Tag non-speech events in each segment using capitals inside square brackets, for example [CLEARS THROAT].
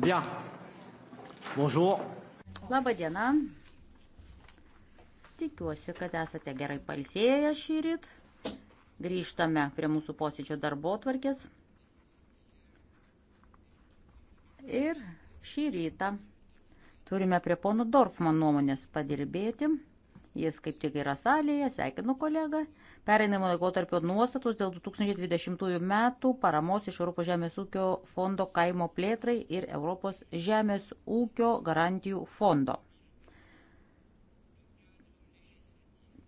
Bien. Bonjour. Labą dieną. Tikiuosi, kad esate gerai palsėję šį ryt. Grįžtame prie mūsų posėdžio darbo tvarkės. Ir šį rytą turime prie ponų Dorfman nuomonės padirbėti. Jis kaip tik yra salėje, sveikinu kolegą. Pereinamo laikotarpio nuostatus dėl 2020 metų paramos iš Europos žemės ūkio fondo kaimo plėtrai ir Europos žemės ūkio garantijų fondo.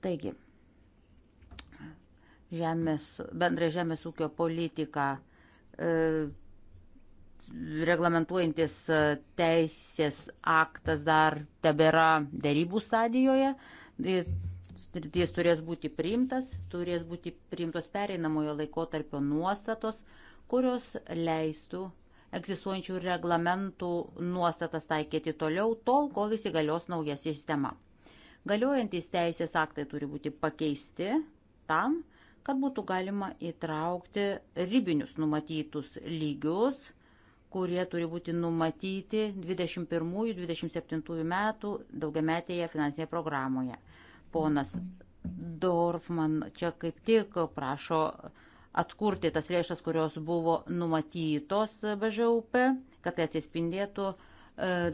Taigi, žemės, bendrą žemės ūkio politiką e, reglamentuojantis e, teisės aktas dar tebėra dėrybų stadijoje. E, jis turės būti priimtas, turės būti priimtos pereinamojo laiko tarpio nuostatos, kurios leistų egzistuojančių reglamentų nuostatas taikyti toliau, tol, kol įsigalios nauja sistema. Galiojantis teisės aktai turi būti pakeisti tam, kad būtų galima įtraukti ribinius numatytus lygius, kurie turi būti numatyti 21-27 metų daugiametėje finansinėje programoje. Ponas Dorfman čia kaip tik prašo atkurti tas lėšas, kurios buvo numatytos BŽUP, kad tai atsispindėtų e,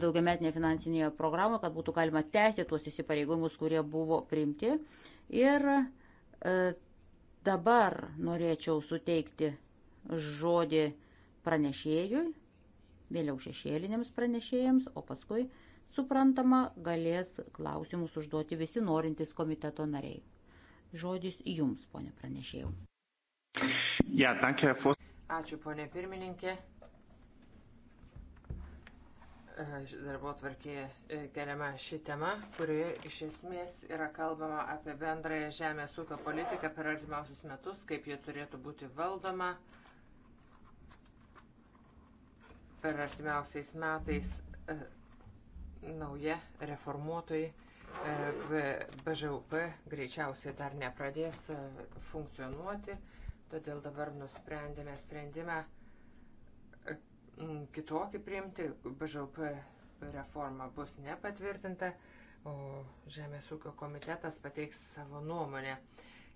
daugiametinėje finansinėje programoje, kad būtų galima tęsti tuos įsipareigojimus, kurie buvo priimti. Ir e, dabar norėčiau suteikti žodį pranešėjui, vėliau šešėliniams pranešėjams, o paskui uh, suprantama, galės klausimus užduoti visi norintys komiteto nariai. Žodis jums, ponė pranešėjau. Ja, danke, for... Ačiū, ponė pirmininkė. E, darbo tvarkėje keliama ši tema, kurioje iš esmės yra kalbama apie bendrąją žemės ūkio politiką per artimiausius metus, kaip ji turėtų būti valdoma per artimiausiais metais e, nauja reformuotojai e, BŽUP greičiausiai dar nepradės e, funkcionuoti, todėl dabar nusprendėme sprendimą e, kitokį priimti. BŽUP reforma bus nepatvirtinta, o Žemės ūkio komitetas pateiks savo nuomonę.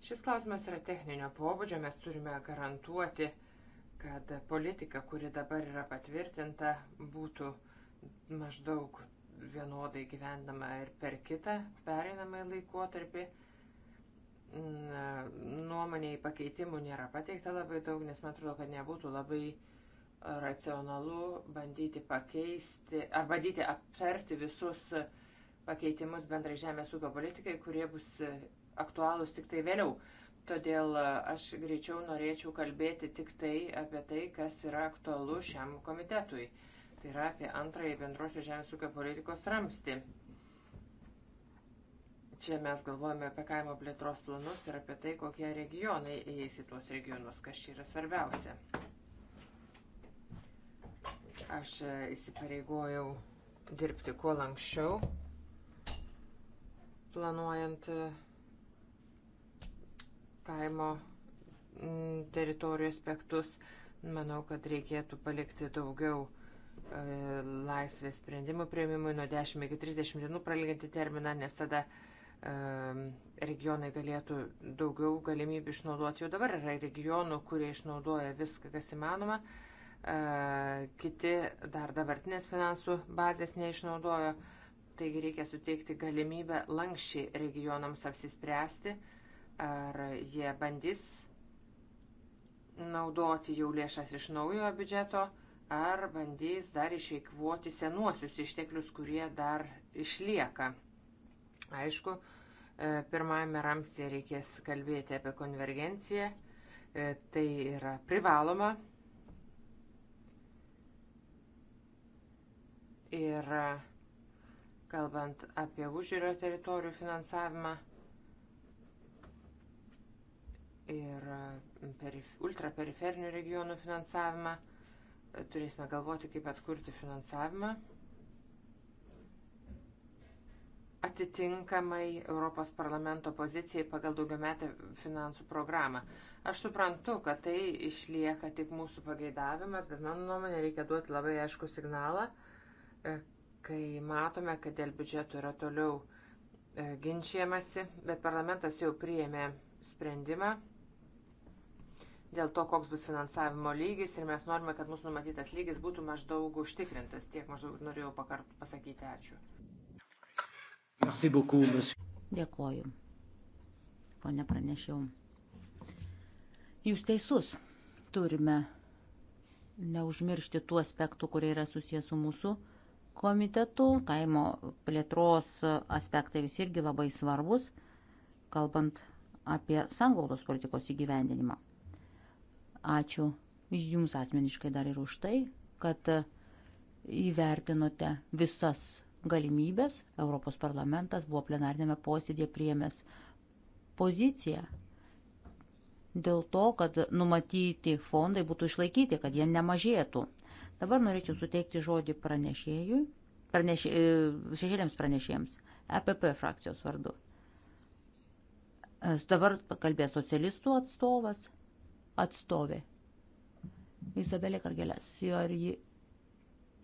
Šis klausimas yra techninio pobūdžio, mes turime garantuoti, kad politika, kuri dabar yra patvirtinta, būtų maždaug vienodai gyvendama ir per kitą pereinamąjį laikotarpį. Nuomonėjai pakeitimų nėra pateikta labai daug, nes man atrodo, kad nebūtų labai racionalu bandyti pakeisti ar bandyti aptarti visus pakeitimus bendrai žemės ūkio politikai, kurie bus aktualūs tik tai vėliau. Todėl aš greičiau norėčiau kalbėti tik tai apie tai, kas yra aktualu šiam komitetui. Uh, Tai yra apie antrąjį bendrosios žemės ūkio politikos ramstį. Čia mes galvojame apie kaimo plėtros planus ir apie tai, kokie regionai įeis į tuos regionus, kas čia yra svarbiausia. Aš e, įsipareigojau dirbti kuo lankščiau, planuojant e, kaimo teritorijų aspektus. Manau, kad reikėtų palikti daugiau E, laisvės sprendimų prieimimui nuo 10 iki 30 dienų pralyginti terminą, nes tada e, regionai galėtų daugiau galimybių išnaudoti. Jau dabar yra regionų, kurie išnaudoja viską, kas įmanoma. E, kiti dar dabartinės finansų bazės neišnaudojo. Taigi reikia suteikti galimybę lankščiai regionams apsispręsti, ar jie bandys naudoti jau lėšas iš naujojo biudžeto ar bandys dar išeikvoti senuosius išteklius, kurie dar išlieka. Aišku, e, pirmajame ramsėje reikės kalbėti apie konvergenciją, e, tai yra privaloma. Ir e, kalbant apie užžiūrio teritorijų finansavimą ir ultraperiferinių regionų finansavimą, turėsime galvoti, kaip atkurti finansavimą. Atitinkamai Europos parlamento pozicijai pagal daugiametę finansų programą. Aš suprantu, kad tai išlieka tik mūsų pageidavimas, bet mano nuomonė reikia duoti labai aišku signalą, e, kai matome, kad dėl biudžeto yra toliau e, ginčiamasi, bet parlamentas jau priėmė sprendimą dėl to, koks bus finansavimo lygis ir mes norime, kad mūsų numatytas lygis būtų maždaug užtikrintas. Tiek maždaug norėjau pakart, pasakyti ačiū. Merci beaucoup, monsieur. Dėkoju. Pone pranešiau. Jūs teisus. Turime neužmiršti tų aspektų, kurie yra susijęs su mūsų komitetu. Kaimo plėtros aspektai visi irgi labai svarbus, kalbant apie sanglaudos politikos įgyvendinimą. Ačiū Jums asmeniškai dar ir už tai, kad e, įvertinote visas galimybės. Europos parlamentas buvo plenarnėme posėdėje priėmęs poziciją dėl to, kad numatyti fondai būtų išlaikyti, kad jie nemažėtų. Dabar norėčiau suteikti žodį pranešėjui, pranešė, e, šešėliams pranešėjams, EPP frakcijos vardu. E, dabar kalbės socialistų atstovas atstovė. Izabelė Kargelės, jo ar ji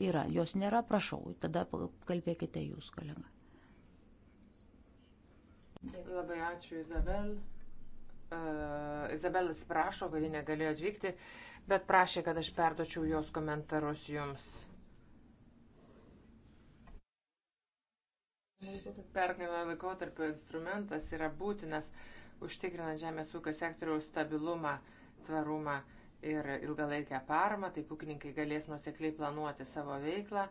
yra, jos nėra, prašau, tada kalbėkite jūs, kolega. Labai ačiū, Izabel. Uh, Izabel atsiprašo, kad ji negalėjo atvykti, bet prašė, kad aš perdočiau jos komentarus jums. Perkaino laikotarpio instrumentas yra būtinas užtikrinant žemės ūkio sektoriaus stabilumą. Uh, tvarumą ir ilgalaikę paramą, taip ūkininkai galės nusekliai planuoti savo veiklą.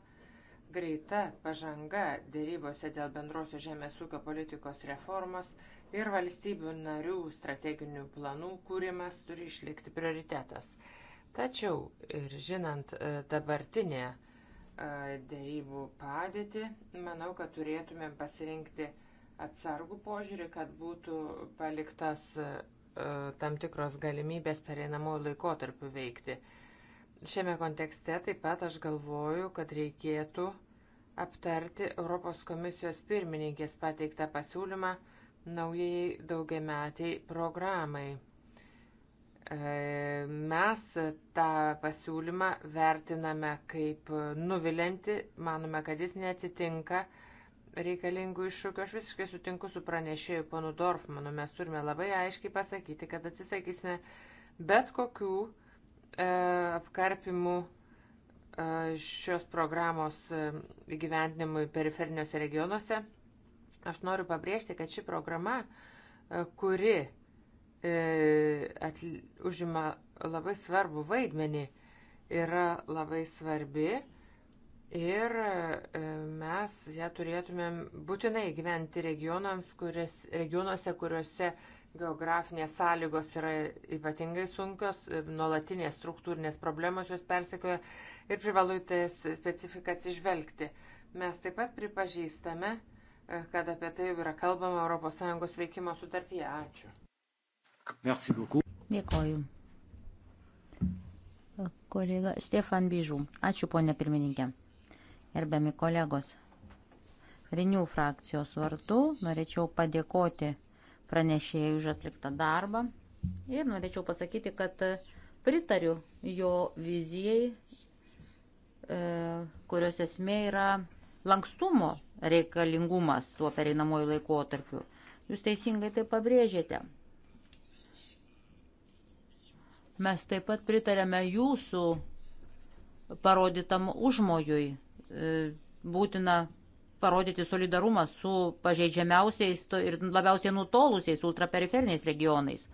Greita pažanga dėrybose dėl bendrosios žemės ūkio politikos reformos ir valstybių narių strateginių planų kūrimas turi išlikti prioritetas. Tačiau ir žinant e, dabartinę e, dėrybų padėtį, manau, kad turėtumėm pasirinkti atsargų požiūrį, kad būtų paliktas E, tam tikros galimybės pereinamųjų laikotarpių veikti. Šiame kontekste taip pat aš galvoju, kad reikėtų aptarti Europos komisijos pirmininkės pateiktą pasiūlymą naujai daugiametiai programai. E, mes tą pasiūlymą vertiname kaip nuvilinti, manome, kad jis netitinka uh, reikalingų iššūkių. Aš visiškai sutinku su pranešėju ponu Dorfmanu. Mes turime labai aiškiai pasakyti, kad atsisakysime bet kokių e, apkarpimų e, šios programos e, įgyvendinimui periferiniuose regionuose. Aš noriu pabrėžti, kad ši programa, e, kuri e, atl, užima labai svarbų vaidmenį, yra labai svarbi Ir e, mes ją turėtumėm būtinai gyventi regionams, kuris, regionuose, kuriuose geografinės sąlygos yra ypatingai sunkios, e, nuolatinės struktūrinės problemos jos persekioja ir privalu į tai specifiką atsižvelgti. Mes taip pat pripažįstame, e, kad apie tai yra kalbama ES veikimo sutartyje. Ačiū. Merci beaucoup. Dėkoju. Kolega Stefan Bižų. Ačiū, ponė pirmininkė gerbiami kolegos. Renių frakcijos vardu norėčiau padėkoti pranešėjai už atliktą darbą ir norėčiau pasakyti, kad pritariu jo vizijai, e, kurios esmė yra lankstumo reikalingumas tuo pereinamoju laikotarpiu. Jūs teisingai tai pabrėžėte. Mes taip pat pritarėme jūsų parodytam užmojui E, būtina parodyti solidarumą su pažeidžiamiausiais ir labiausiai nutolusiais ultraperiferiniais regionais.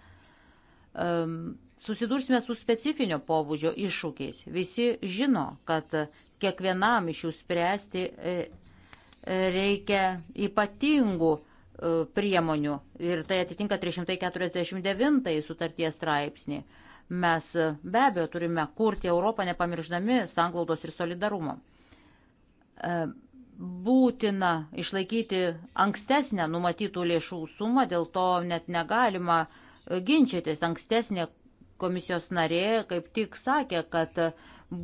Susidursime su specifinio pobūdžio iššūkiais. Visi žino, kad kiekvienam iš jų spręsti e, e, reikia ypatingų priemonių ir tai atitinka 349 sutarties straipsnį. Mes be abejo turime kurti Europą nepamirždami sanglaudos ir solidarumo. E, būtina išlaikyti ankstesnę numatytų lėšų sumą, dėl to net negalima e, ginčytis. Ankstesnė komisijos narė kaip tik sakė, kad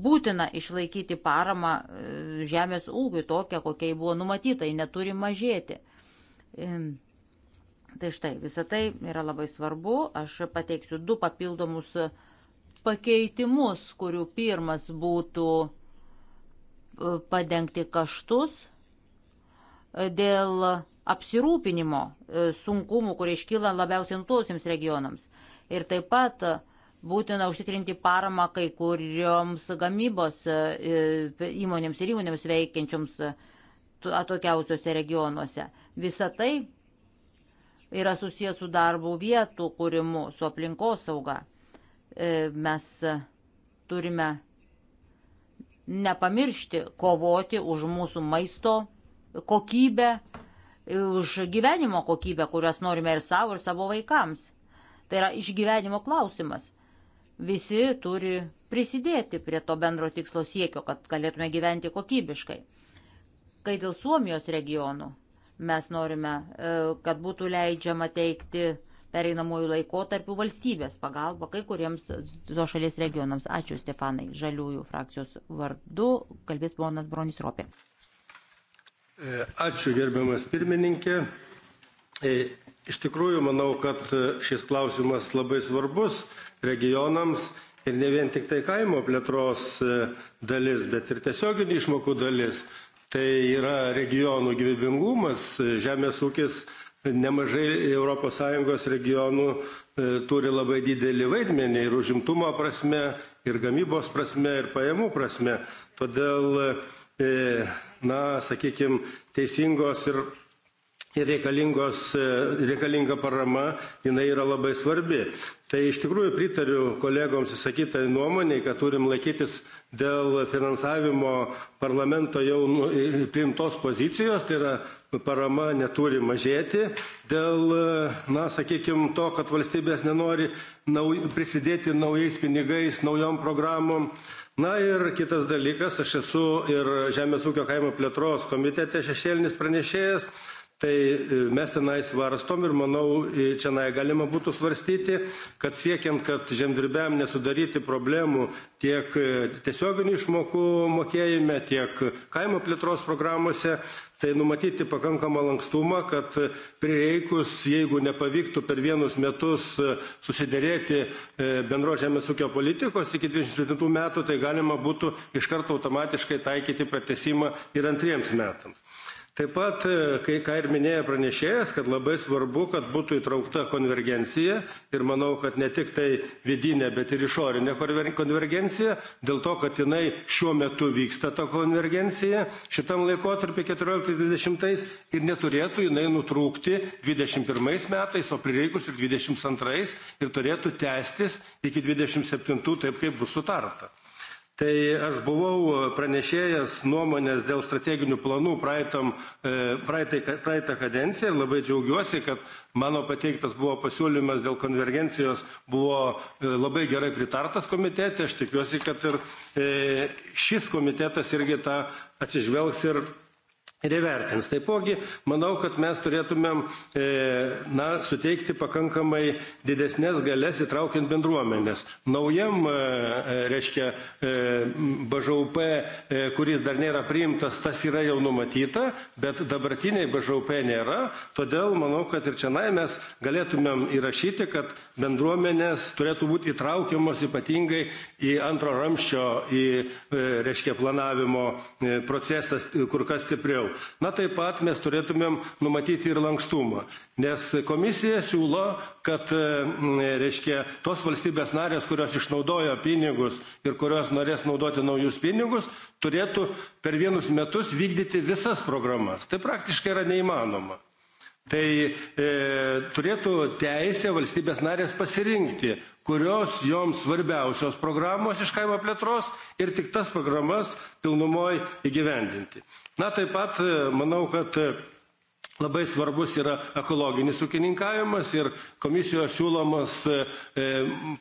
būtina išlaikyti paramą e, žemės ūkiui tokią, kokiai buvo numatyta, ji neturi mažėti. Tai štai, visa tai yra labai svarbu. Aš pateiksiu du papildomus pakeitimus, kurių pirmas būtų padengti kaštus dėl apsirūpinimo e, sunkumų, kurie iškyla labiausiai nutolusiems regionams. Ir taip pat būtina užtikrinti paramą kai kurioms gamybos e, įmonėms ir įmonėms veikiančioms atokiausiuose regionuose. Visa tai yra susijęs su darbo vietų kūrimu, su aplinkosauga. E, mes turime nepamiršti kovoti už mūsų maisto kokybę, už gyvenimo kokybę, kurias norime ir savo, ir savo vaikams. Tai yra išgyvenimo klausimas. Visi turi prisidėti prie to bendro tikslo siekio, kad galėtume gyventi kokybiškai. Kai dėl Suomijos regionų mes norime, e, kad būtų leidžiama teikti pereinamųjų laikotarpių valstybės pagalba kai kuriems to šalies regionams. Ačiū Stefanai. Žaliųjų frakcijos vardu kalbės ponas Bronis Ropė. E, ačiū gerbiamas pirmininkė. E, iš tikrųjų, manau, kad šis klausimas labai svarbus regionams ir ne vien tik tai kaimo plėtros e, dalis, bet ir tiesioginių išmokų dalis. Tai yra regionų gyvybingumas, žemės ūkis Nemažai ES regionų e, turi labai didelį vaidmenį ir užimtumo prasme, ir gamybos prasme, ir pajamų prasme. Todėl, e, na, sakykime, teisingos ir ir reikalingos, e, reikalinga parama, jinai yra labai svarbi. Tai iš tikrųjų pritariu kolegoms įsakytai nuomonėj, kad turim laikytis dėl finansavimo parlamento jau nu, priimtos pozicijos, tai yra parama neturi mažėti dėl, e, na, sakykime, to, kad valstybės nenori nauj, prisidėti naujais pinigais, naujom programom. Na ir kitas dalykas, aš esu ir Žemės ūkio kaimo plėtros komitete šešėlinis pranešėjas. Tai e, mes tenai svarstom ir manau, e, čianai galima būtų svarstyti, kad siekiant, kad žemdirbėm nesudaryti problemų tiek e, tiesioginių išmokų mokėjime, tiek kaimo plėtros programuose, tai numatyti pakankamą lankstumą, kad prireikus, jeigu nepavyktų per vienus metus susidėrėti bendro žemės ūkio politikos iki 27 metų, tai galima būtų iš karto automatiškai taikyti pratesimą ir antriems metams. Taip pat, e, kai ką ir minėjo pranešėjas, kad labai svarbu, kad būtų įtraukta konvergencija ir manau, kad ne tik tai vidinė, bet ir išorinė konvergencija, dėl to, kad jinai šiuo metu vyksta ta konvergencija šitam laikotarpį 14-20 ir neturėtų jinai nutrūkti 21 metais, o prireikus ir 22 ir turėtų tęstis iki 27, taip kaip bus sutarta. Tai aš buvau e, pranešėjęs nuomonės dėl strateginių planų praeitam, e, praeitai, praeitą kadenciją ir labai džiaugiuosi, kad mano pateiktas buvo pasiūlymas dėl konvergencijos buvo e, labai gerai pritartas komitete. Aš tikiuosi, kad ir šis komitetas irgi tą atsižvelgs ir ir įvertins. Taipogi, manau, kad mes turėtumėm e, na, suteikti pakankamai didesnės galės įtraukiant bendruomenės. Naujam, e, e reiškia, e, BŽUP, e, kuris dar nėra priimtas, tas yra jau numatyta, bet dabartiniai BŽUP nėra, todėl manau, kad ir čia mes galėtumėm įrašyti, kad bendruomenės turėtų būti įtraukiamos ypatingai į antro ramščio, į, e, reiškia, planavimo e, procesas kur kas stipriau. Na taip pat mes turėtumėm numatyti ir lankstumą, nes komisija siūlo, kad e, reiškia, tos valstybės narės, kurios išnaudojo pinigus ir kurios norės naudoti naujus pinigus, turėtų per vienus metus vykdyti visas programas. Tai praktiškai yra neįmanoma. Tai e, turėtų teisę valstybės narės pasirinkti, kurios joms svarbiausios programos iš kaimo plėtros ir tik tas programas pilnumoje įgyvendinti na taip pat e, manau kad e, Labai svarbus yra ekologinis ūkininkavimas ir komisijos siūlomas e, e,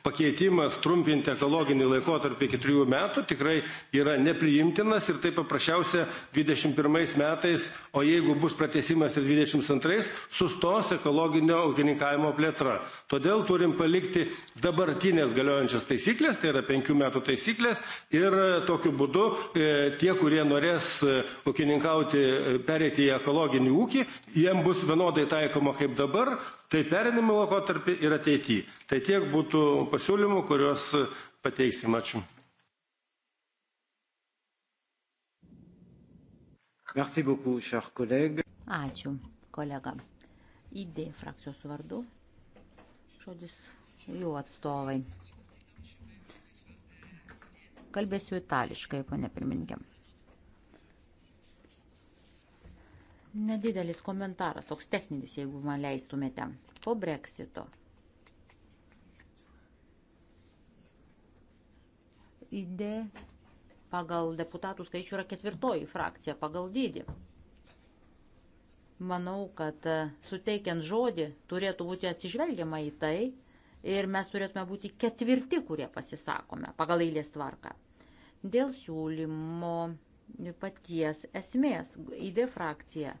pakeitimas trumpinti ekologinį laikotarpį iki trijų metų tikrai yra nepriimtinas ir tai paprasčiausia 21 metais, o jeigu bus pratesimas ir 22, sustos ekologinio ūkininkavimo plėtra. Todėl turim palikti dabartinės galiojančias taisyklės, tai yra penkių metų taisyklės ir e, tokiu būdu e, tie, kurie norės e, ūkininkauti, pereiti į ekologinį ūkį, jiem bus vienodai taikoma kaip dabar, tai perinami laikotarpį ir ateityje. Tai tiek būtų pasiūlymų, kuriuos pateiksim. Ačiū. Merci beaucoup, cher collègue. Ačiū, kolega. ID frakcijos vardu. Žodis jų atstovai. Kalbėsiu itališkai, ponė pirmininkė. Nedidelis komentaras, toks techninis, jeigu man leistumėte. Po breksito. Idė pagal deputatų skaičių yra ketvirtoji frakcija pagal dydį. Manau, kad e, suteikiant žodį turėtų būti atsižvelgiama į tai ir mes turėtume būti ketvirti, kurie pasisakome pagal eilės tvarką. Dėl siūlymo paties esmės. ID frakcija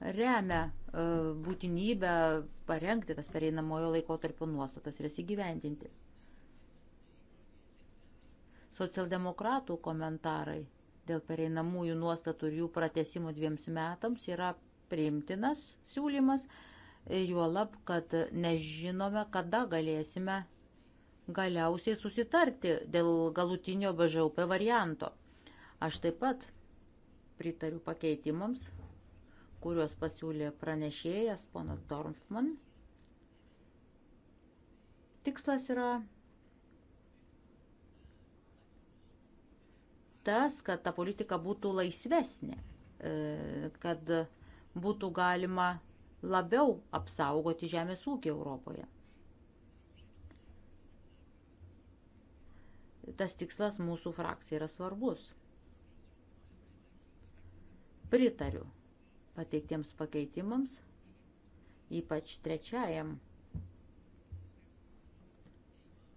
remia e, būtinybę parengti tas pereinamojo laiko tarp nuostatas ir jas įgyvendinti. Socialdemokratų komentarai dėl pereinamųjų nuostatų ir jų pratesimų dviems metams yra priimtinas siūlymas, juolab, kad nežinome, kada galėsime galiausiai susitarti dėl galutinio BŽUP varianto. Aš taip pat pritariu pakeitimams, kuriuos pasiūlė pranešėjas ponas Dorfman. Tikslas yra tas, kad ta politika būtų laisvesnė, e, kad būtų galima labiau apsaugoti žemės ūkį Europoje. Tas tikslas mūsų frakcija yra svarbus. Pritariu pateiktiems pakeitimams, ypač trečiajam,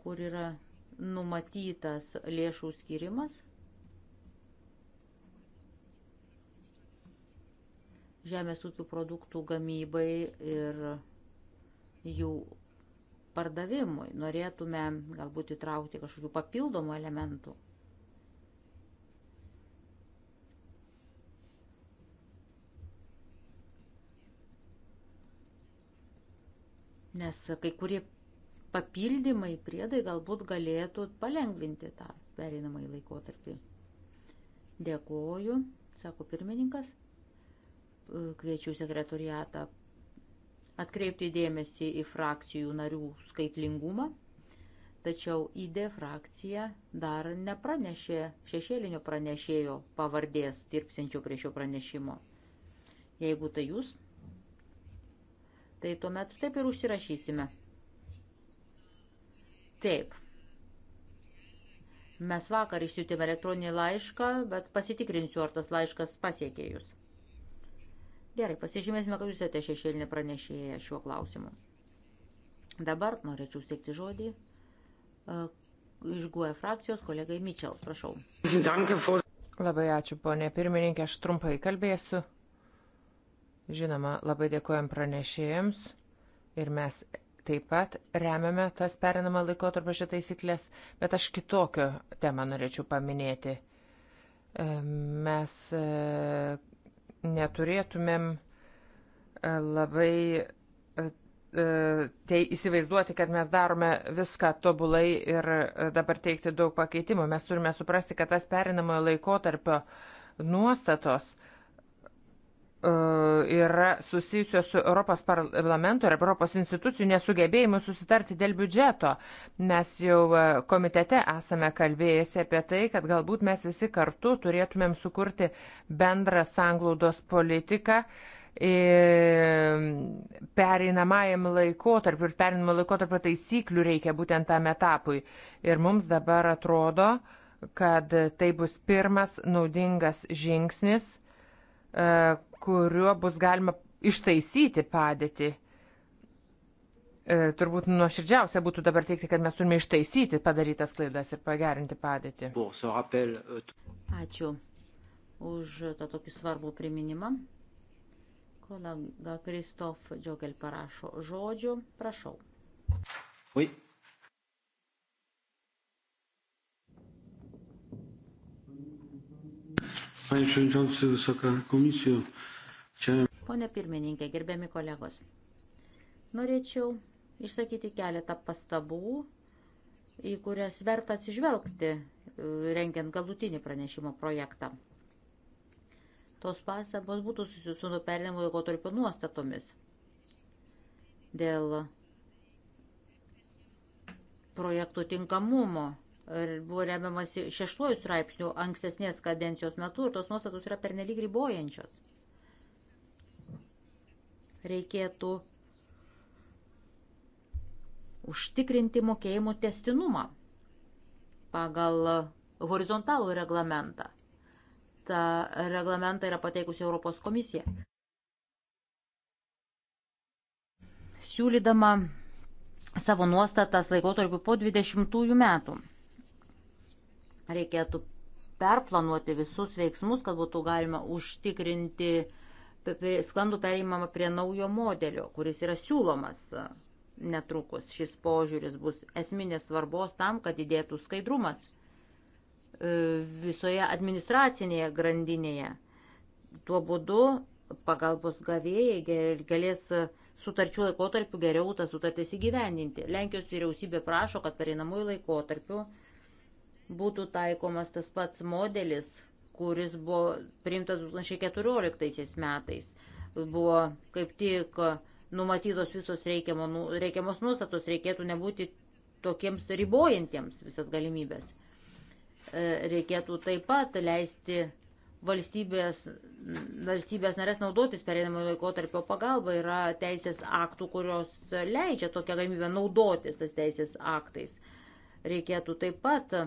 kur yra numatytas lėšų skirimas. Žemės ūkių produktų gamybai ir jų pardavimui norėtume galbūt įtraukti kažkokių papildomų elementų nes kai kurie papildymai, priedai galbūt galėtų palengvinti tą pereinamąjį laikotarpį. Dėkoju, sako pirmininkas, kviečiu sekretoriatą atkreipti dėmesį į frakcijų narių skaitlingumą, tačiau ID frakcija dar nepranešė šešėlinio pranešėjo pavardės dirbsinčio prie šio pranešimo. Jeigu tai jūs, tai tuomet taip ir užsirašysime. Taip. Mes vakar išsiutėme elektroninį laišką, bet pasitikrinsiu, ar tas laiškas pasiekė jūs. Gerai, pasižymėsime, kad jūs esate šešėlinė pranešėja šiuo klausimu. Dabar norėčiau steikti žodį e, iš GUE frakcijos kolegai Mičels, prašau. Labai ačiū, ponė pirmininkė, aš trumpai kalbėsiu. Žinoma, labai dėkojam pranešėjams ir mes taip pat remiame tas perinamą laikotarpio šią taisyklės, bet aš kitokio temą norėčiau paminėti. E, mes e, neturėtumėm e, labai tai įsivaizduoti, kad mes darome viską tobulai ir dabar teikti daug pakeitimų. Mes turime suprasti, kad tas perinamojo laikotarpio nuostatos uh, E, yra susijusios su Europos parlamento ir Europos institucijų nesugebėjimu susitarti dėl biudžeto. Mes jau e, komitete esame kalbėjęsi apie tai, kad galbūt mes visi kartu turėtumėm sukurti bendrą sanglaudos politiką e, pereinamajam laikotarpiu ir pereinamo laikotarpio taisyklių reikia būtent tam etapui. Ir mums dabar atrodo, kad tai bus pirmas naudingas žingsnis E, kuriuo bus galima ištaisyti padėtį. E, turbūt nuoširdžiausia būtų dabar teikti, kad mes turime ištaisyti padarytas klaidas ir pagerinti padėtį. Euh, Ačiū už tą tokį svarbų priminimą. Kolega Kristof Džiogel parašo žodžių. Prašau. Oui. Panie Przewodniczący, Wysoka Komisija, čia. Pone pirmininkė, gerbiami kolegos, norėčiau išsakyti keletą pastabų, į kurias verta atsižvelgti, e, rengiant galutinį pranešimo projektą. Tos pastabos būtų susijusios su perinimo laikotarpio nuostatomis dėl projektų tinkamumo buvo remiamasi šeštuoju straipsniu ankstesnės kadencijos metu ir tos nuostatos yra pernelyg ribojančios. Reikėtų užtikrinti mokėjimų testinumą pagal horizontalų reglamentą. Ta reglamentą yra pateikusi Europos komisija. Siūlydama savo nuostatas laikotarpiu po 20 metų. Reikėtų perplanuoti visus veiksmus, kad būtų galima užtikrinti sklandų perėjimą prie naujo modelio, kuris yra siūlomas e, netrukus. Šis požiūris bus esminės svarbos tam, kad didėtų skaidrumas e, visoje administracinėje grandinėje. Tuo būdu pagalbos gavėjai galės sutarčių laikotarpiu geriau tas sutartis įgyvendinti. Lenkijos vyriausybė prašo, kad pereinamųjų laikotarpiu laikotarpiu būtų taikomas tas pats modelis, kuris buvo priimtas 2014 metais. Buvo kaip tik numatytos visos reikiamo, nu, reikiamos nuostatos, reikėtų nebūti tokiems ribojantiems visas galimybės. E, reikėtų taip pat leisti valstybės, valstybės narės naudotis pereinamą laikotarpio pagalbą. Yra teisės aktų, kurios leidžia tokią galimybę naudotis tas teisės aktais. Reikėtų taip pat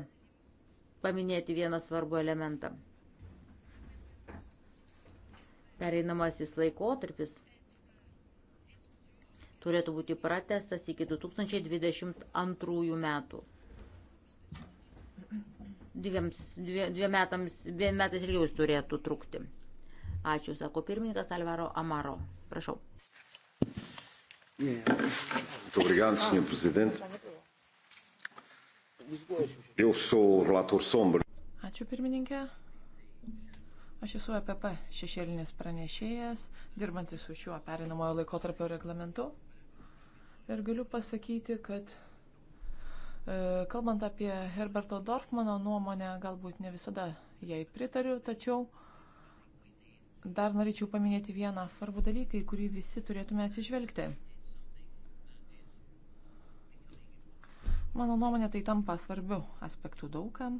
paminėti vieną svarbų elementą. Pereinamasis laikotarpis turėtų būti pratestas iki 2022 metų. Dviems, dvie, dviem metams, dviem metais ilgiau jis turėtų trukti. Ačiū, sako pirmininkas Alvaro Amaro. Prašau. Muito obrigado, Sr. Presidente. Eu sou relator sombra. Ačiū pirmininkė. Aš esu EPP šešėlinis pranešėjas, dirbantis su šiuo perinamojo laikotarpio reglamentu. Ir galiu pasakyti, kad e, kalbant apie Herberto Dorfmano nuomonę, galbūt ne visada jai pritariu, tačiau dar norėčiau paminėti vieną svarbų dalyką, į kurį visi turėtume atsižvelgti. Mano nuomonė tai tampa svarbiu aspektu daugam.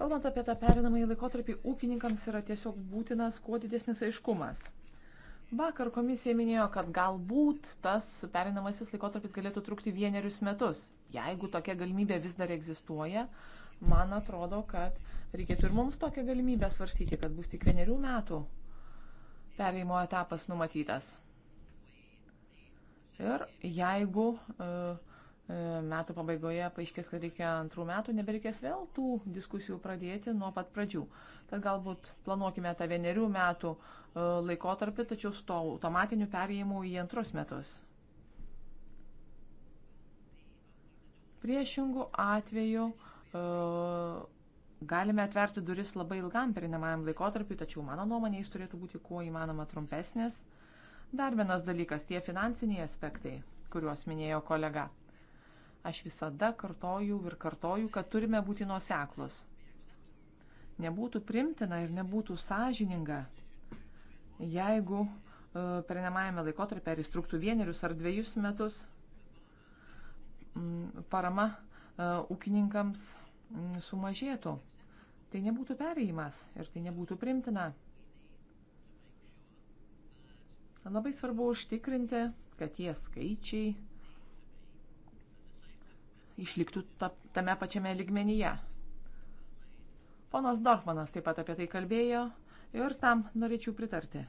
Kalbant apie tą perinamąjį laikotarpį, ūkininkams yra tiesiog būtinas kuo didesnis aiškumas. Vakar komisija minėjo, kad galbūt tas perinamasis laikotarpis galėtų trukti vienerius metus. Jeigu tokia galimybė vis dar egzistuoja, man atrodo, kad reikėtų ir mums tokią galimybę svarstyti, kad bus tik vienerių metų perėjimo etapas numatytas. Ir jeigu e, e, metų pabaigoje paaiškės, kad reikia antrų metų, nebereikės vėl tų diskusijų pradėti nuo pat pradžių. Tad galbūt planuokime tą vienerių metų e, laikotarpį, tačiau su to automatiniu perėjimu į antrus metus. Priešingų atveju Galime atverti duris labai ilgam perinamajam laikotarpiu, tačiau mano nuomonė jis turėtų būti kuo įmanoma trumpesnis. Dar vienas dalykas - tie finansiniai aspektai, kuriuos minėjo kolega. Aš visada kartoju ir kartoju, kad turime būti nuoseklus. Nebūtų primtina ir nebūtų sąžininga, jeigu e, perinamajame laikotarpė, ar jis truktų vienerius ar dviejus metus, parama e, ūkininkams sumažėtų. Tai nebūtų perėjimas ir tai nebūtų primtina. Labai svarbu užtikrinti, kad tie skaičiai išliktų ta, tame pačiame ligmenyje. Ponas Dorfmanas taip pat apie tai kalbėjo ir tam norėčiau pritarti.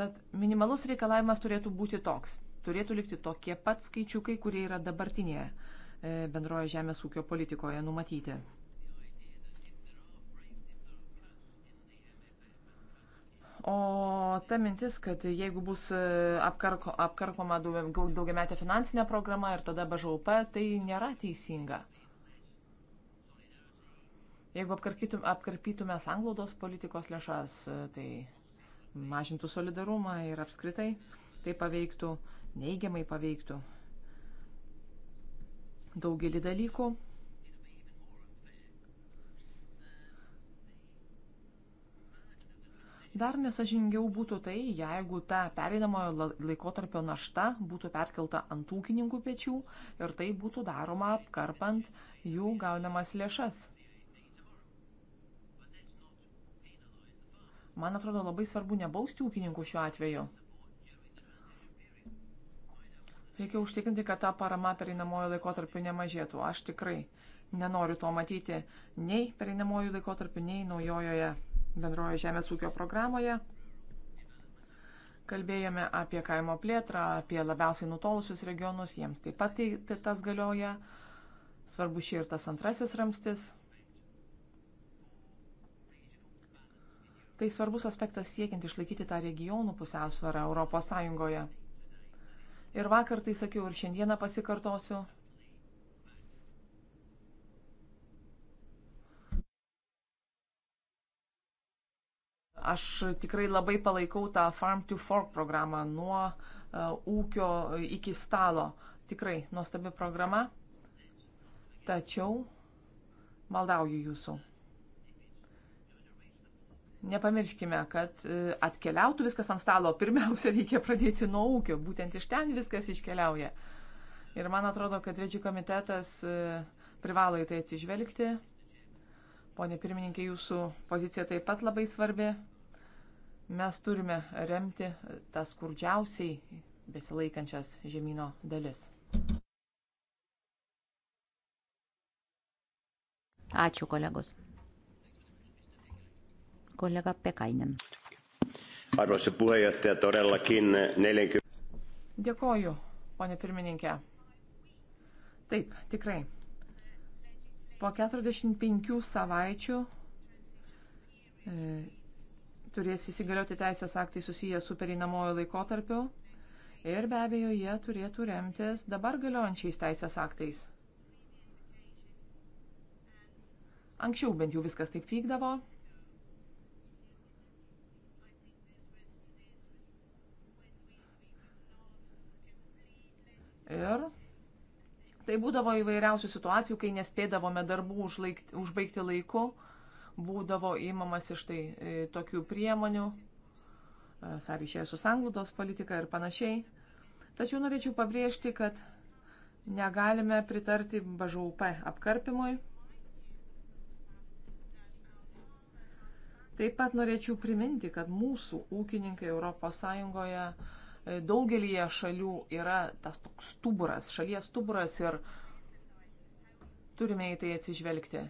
Tad minimalus reikalavimas turėtų būti toks turėtų likti tokie pat skaičiukai, kurie yra dabartinėje e, bendroje žemės ūkio politikoje numatyti. O ta mintis, kad jeigu bus e, apkarko, apkarpoma daugiametė finansinė programa ir tada BŽUP, tai nėra teisinga. Jeigu apkarpytum, apkarpytume sanglaudos politikos lėšas, e, tai mažintų solidarumą ir apskritai tai paveiktų uh, neigiamai paveiktų daugelį dalykų. Dar nesažingiau būtų tai, jeigu ta pereinamojo laikotarpio našta būtų perkelta ant ūkininkų pečių ir tai būtų daroma apkarpant jų gaunamas lėšas. Man atrodo labai svarbu nebausti ūkininkų šiuo atveju. Reikia užtikrinti, kad ta parama pereinamojo laikotarpiu nemažėtų. Aš tikrai nenoriu to matyti nei pereinamojų laikotarpių, nei naujojoje bendrojo žemės ūkio programoje. Kalbėjome apie kaimo plėtrą, apie labiausiai nutolusius regionus, jiems taip pat tai, tai tas galioja. Svarbu šį ir tas antrasis ramstis. Tai svarbus aspektas siekiant išlaikyti tą regionų pusiausvarą Europos Sąjungoje. Ir vakar tai sakiau, ir šiandieną pasikartosiu. Aš tikrai labai palaikau tą Farm to Fork programą nuo uh, ūkio iki stalo. Tikrai nuostabi programa. Tačiau maldauju jūsų. Nepamirškime, kad e, atkeliautų viskas ant stalo, pirmiausia reikia pradėti nuo ūkio, būtent iš ten viskas iškeliauja. Ir man atrodo, kad Redžių komitetas e, privalo į tai atsižvelgti. Pone pirmininkė, jūsų pozicija taip pat labai svarbi. Mes turime remti tas skurdžiausiai besilaikančias žemynų dalis. Ačiū kolegos kollega Pekainen. Arvoisa puheenjohtaja, todellakin 40. Dėkoju, ponė pirmininkė. Taip, tikrai. Po 45 savaičių e, turės įsigalioti teisės aktai susiję su pereinamojo laikotarpiu ir be abejo jie turėtų remtis dabar galiojančiais teisės aktais. Anksčiau bent jau viskas taip vykdavo. Ir tai būdavo įvairiausių situacijų, kai nespėdavome darbų užlaikti, užbaigti laiku, būdavo įmamas iš tai e, tokių priemonių, e, sąryšėje su sanglūdos politika ir panašiai. Tačiau norėčiau pabrėžti, kad negalime pritarti BŽUP apkarpimui. Taip pat norėčiau priminti, kad mūsų ūkininkai ES daugelįje šalių yra tas toks stuburas, šalies stuburas ir turime į tai atsižvelgti.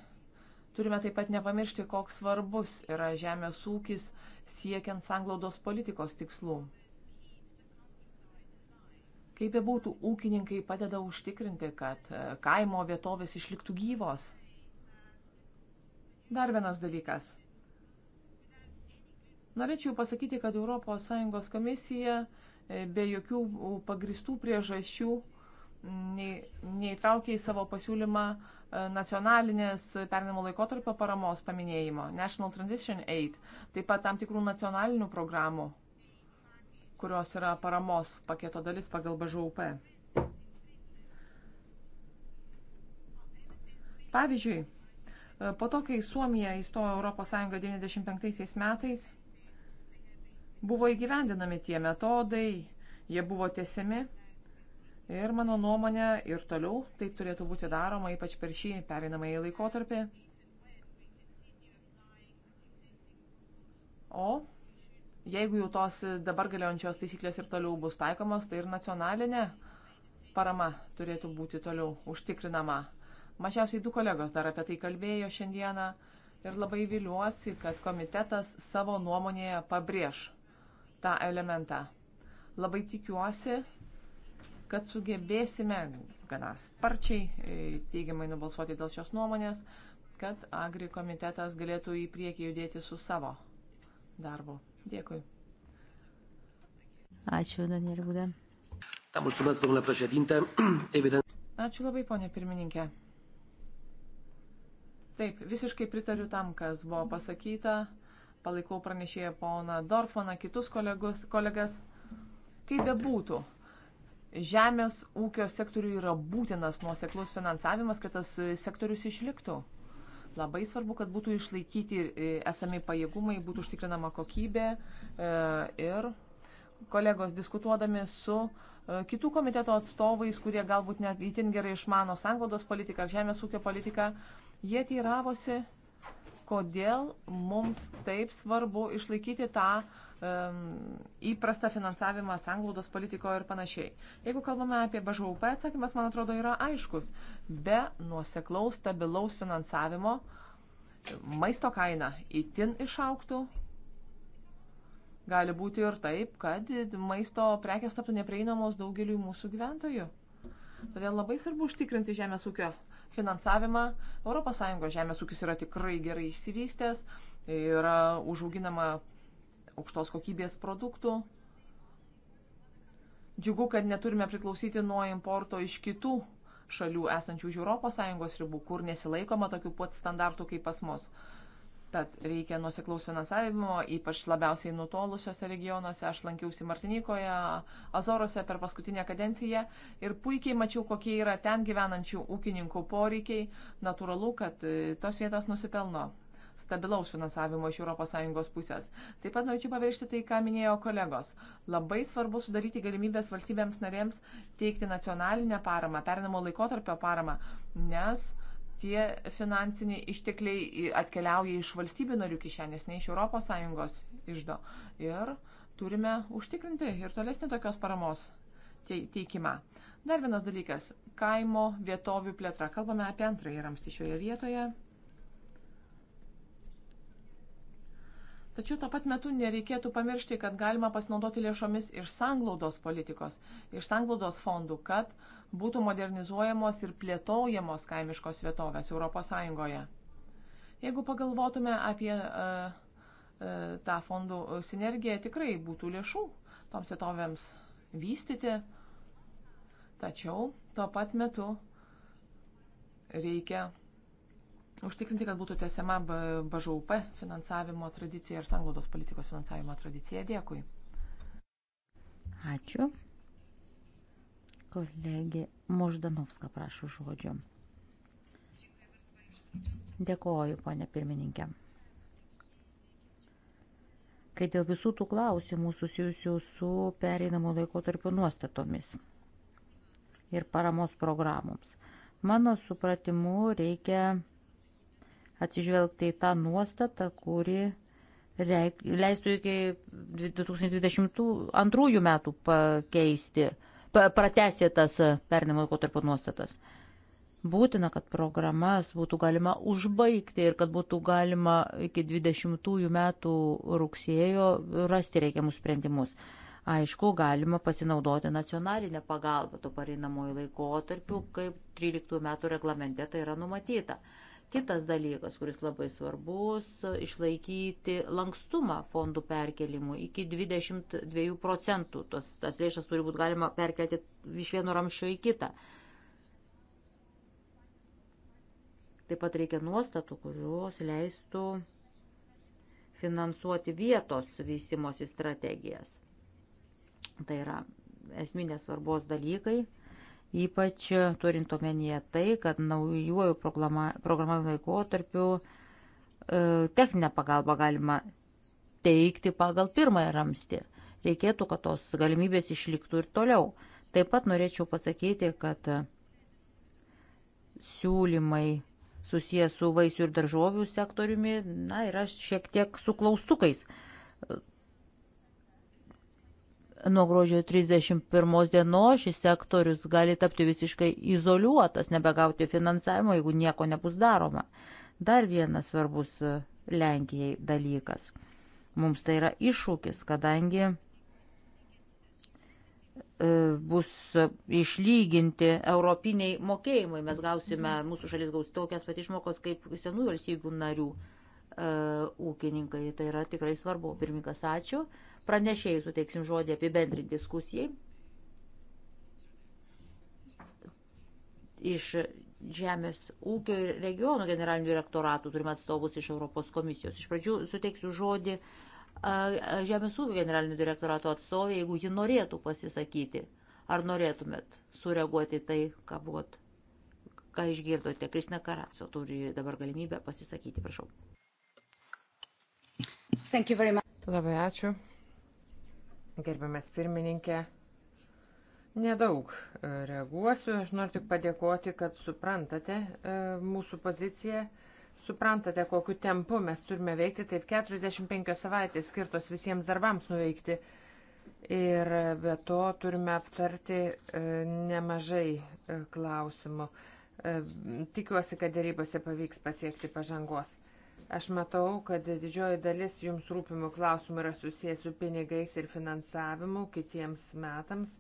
Turime taip pat nepamiršti, koks svarbus yra žemės ūkis siekiant sanglaudos politikos tikslų. Kaip be būtų, ūkininkai padeda užtikrinti, kad e, kaimo vietovės išliktų gyvos. Dar vienas dalykas. Norėčiau pasakyti, kad ES komisija uh, be jokių pagristų priežasčių neįtraukė į savo pasiūlymą e, nacionalinės pernimo laikotarpio paramos paminėjimo, National Transition Aid, taip pat tam tikrų nacionalinių programų, kurios yra paramos paketo dalis pagal BŽUP. Pavyzdžiui, e, po to, kai Suomija įstojo Europos Sąjungą 95 metais, buvo įgyvendinami tie metodai, jie buvo tiesiami. Ir mano nuomonė ir toliau tai turėtų būti daroma, ypač per šį pereinamąjį laikotarpį. O jeigu jau tos dabar galiojančios taisyklės ir toliau bus taikomas, tai ir nacionalinė parama turėtų būti toliau užtikrinama. Mažiausiai du kolegos dar apie tai kalbėjo šiandieną ir labai viliuosi, kad komitetas savo nuomonėje pabrėž tą elementą. Labai tikiuosi, kad sugebėsime gana sparčiai e, teigiamai nubalsuoti dėl šios nuomonės, kad Agri komitetas galėtų į priekį judėti su savo darbu. Dėkui. Ačiū, Daniel Būdė. [CLEARS THROAT] Ačiū labai, ponė pirmininkė. Taip, visiškai pritariu tam, kas buvo pasakyta palaikau pranešėją poną Dorfaną, kitus kolegus, kolegas. Kaip bebūtų, žemės ūkio sektoriui yra būtinas nuoseklus finansavimas, kad tas sektorius išliktų. Labai svarbu, kad būtų išlaikyti e, esami pajėgumai, būtų užtikrinama kokybė e, ir kolegos diskutuodami su e, kitų komiteto atstovais, kurie galbūt net įtin gerai išmano sanglaudos politiką ar žemės ūkio politiką, jie teiravosi, kodėl mums taip svarbu išlaikyti tą um, įprastą finansavimą sanglaudos politikoje ir panašiai. Jeigu kalbame apie BŽUP, atsakymas, man atrodo, yra aiškus. Be nuoseklaus, stabilaus finansavimo maisto kaina itin išauktų. Gali būti ir taip, kad maisto prekės taptų neprieinamos daugeliu mūsų gyventojų. Todėl labai svarbu užtikrinti žemės ūkio finansavimą. ES žemės ūkis yra tikrai gerai išsivystęs, yra užauginama aukštos kokybės produktų. Džiugu, kad neturime priklausyti nuo importo iš kitų šalių esančių už ES ribų, kur nesilaikoma tokių pat standartų kaip pas mus. Tad reikia nuseklaus finansavimo, ypač labiausiai nutolusiuose regionuose. Aš lankiausi Martinikoje, Azorose per paskutinę kadenciją ir puikiai mačiau, kokie yra ten gyvenančių ūkininkų poreikiai. Natūralu, kad e, tos vietos nusipelno stabilaus finansavimo iš ES pusės. Taip pat norėčiau pabrėžti tai, ką minėjo kolegos. Labai svarbu sudaryti galimybės valstybėms narėms teikti nacionalinę paramą, perinamo laikotarpio paramą, nes tie finansiniai ištekliai atkeliauja iš valstybių narių kišenės, ne iš ES išdo. Ir turime užtikrinti ir tolesnį tokios paramos teikimą. Dar vienas dalykas - kaimo vietovių plėtra. Kalbame apie antrąjį ramstį šioje vietoje. Tačiau tuo pat metu nereikėtų pamiršti, kad galima pasinaudoti lėšomis iš sanglaudos politikos, iš sanglaudos fondų, kad būtų modernizuojamos ir plėtojamos kaimiškos vietovės ES. Jeigu pagalvotume apie uh, uh, tą fondų sinergiją, tikrai būtų lėšų toms vietovėms vystyti. Tačiau tuo pat metu reikia užtikrinti, kad būtų tęsiama BŽUP finansavimo tradicija ir sanglaudos politikos finansavimo tradicija. Dėkui. Ačiū. Kolegė Moždanovska prašo žodžio. Dėkoju, ponė pirmininkė. Kai dėl visų tų klausimų susijusių su pereinamo laikotarpio nuostatomis ir paramos programoms. Mano supratimu, reikia atsižvelgti į tą nuostatą, kuri leistų iki 2022 metų pakeisti, pratesti tas pernimo laikotarpio nuostatas. Būtina, kad programas būtų galima užbaigti ir kad būtų galima iki 20 metų rugsėjo rasti reikiamus sprendimus. Aišku, galima pasinaudoti nacionalinę pagalbą to pareinamojų laikotarpių, kaip 13 metų reglamente tai yra numatyta. Kitas dalykas, kuris labai svarbus - išlaikyti lankstumą fondų perkelimų. Iki 22 procentų tos, tas lėšas turi būti galima perkelti iš vieno ramščio į kitą. Taip pat reikia nuostatų, kurios leistų finansuoti vietos vystimosi strategijas. Tai yra esminės svarbos dalykai ypač turint omenyje tai, kad naujuoju programavimo laikotarpiu e, techninę pagalbą galima teikti pagal pirmąją ramstį. Reikėtų, kad tos galimybės išliktų ir toliau. Taip pat norėčiau pasakyti, kad siūlymai susijęs su vaisių ir daržovių sektoriumi, na, yra šiek tiek su klaustukais nuo gruodžio 31 dienos šis sektorius gali tapti visiškai izoliuotas, nebegauti finansavimo, jeigu nieko nebus daroma. Dar vienas svarbus e, Lenkijai dalykas. Mums tai yra iššūkis, kadangi e, bus išlyginti europiniai mokėjimai. Mes gausime, mūsų šalis gaus tokias pat išmokos kaip senų valstybių narių e, ūkininkai. Tai yra tikrai svarbu. Pirmininkas, ačiū. Pranešėjai suteiksim žodį apibendrinti diskusijai. Iš Žemės ūkio ir regionų generalinių direktoratų turime atstovus iš Europos komisijos. Iš pradžių suteiksiu žodį Žemės ūkio generalinių direktorato atstovė, jeigu ji norėtų pasisakyti. Ar norėtumėt sureaguoti tai, ką buvot, ką išgirdote? Kristina Karatso turi dabar galimybę pasisakyti, prašau. Labai ačiū. Gerbiamas pirmininkė, nedaug e, reaguosiu. Aš noriu tik padėkoti, kad suprantate e, mūsų poziciją, suprantate, kokiu tempu mes turime veikti. Taip 45 savaitės skirtos visiems darbams nuveikti. Ir be to turime aptarti e, nemažai klausimų. Tikiuosi, kad dėrybose pavyks pasiekti pažangos. Aš matau, kad didžioji dalis jums rūpimų klausimų yra susijęs su pinigais ir finansavimu kitiems metams,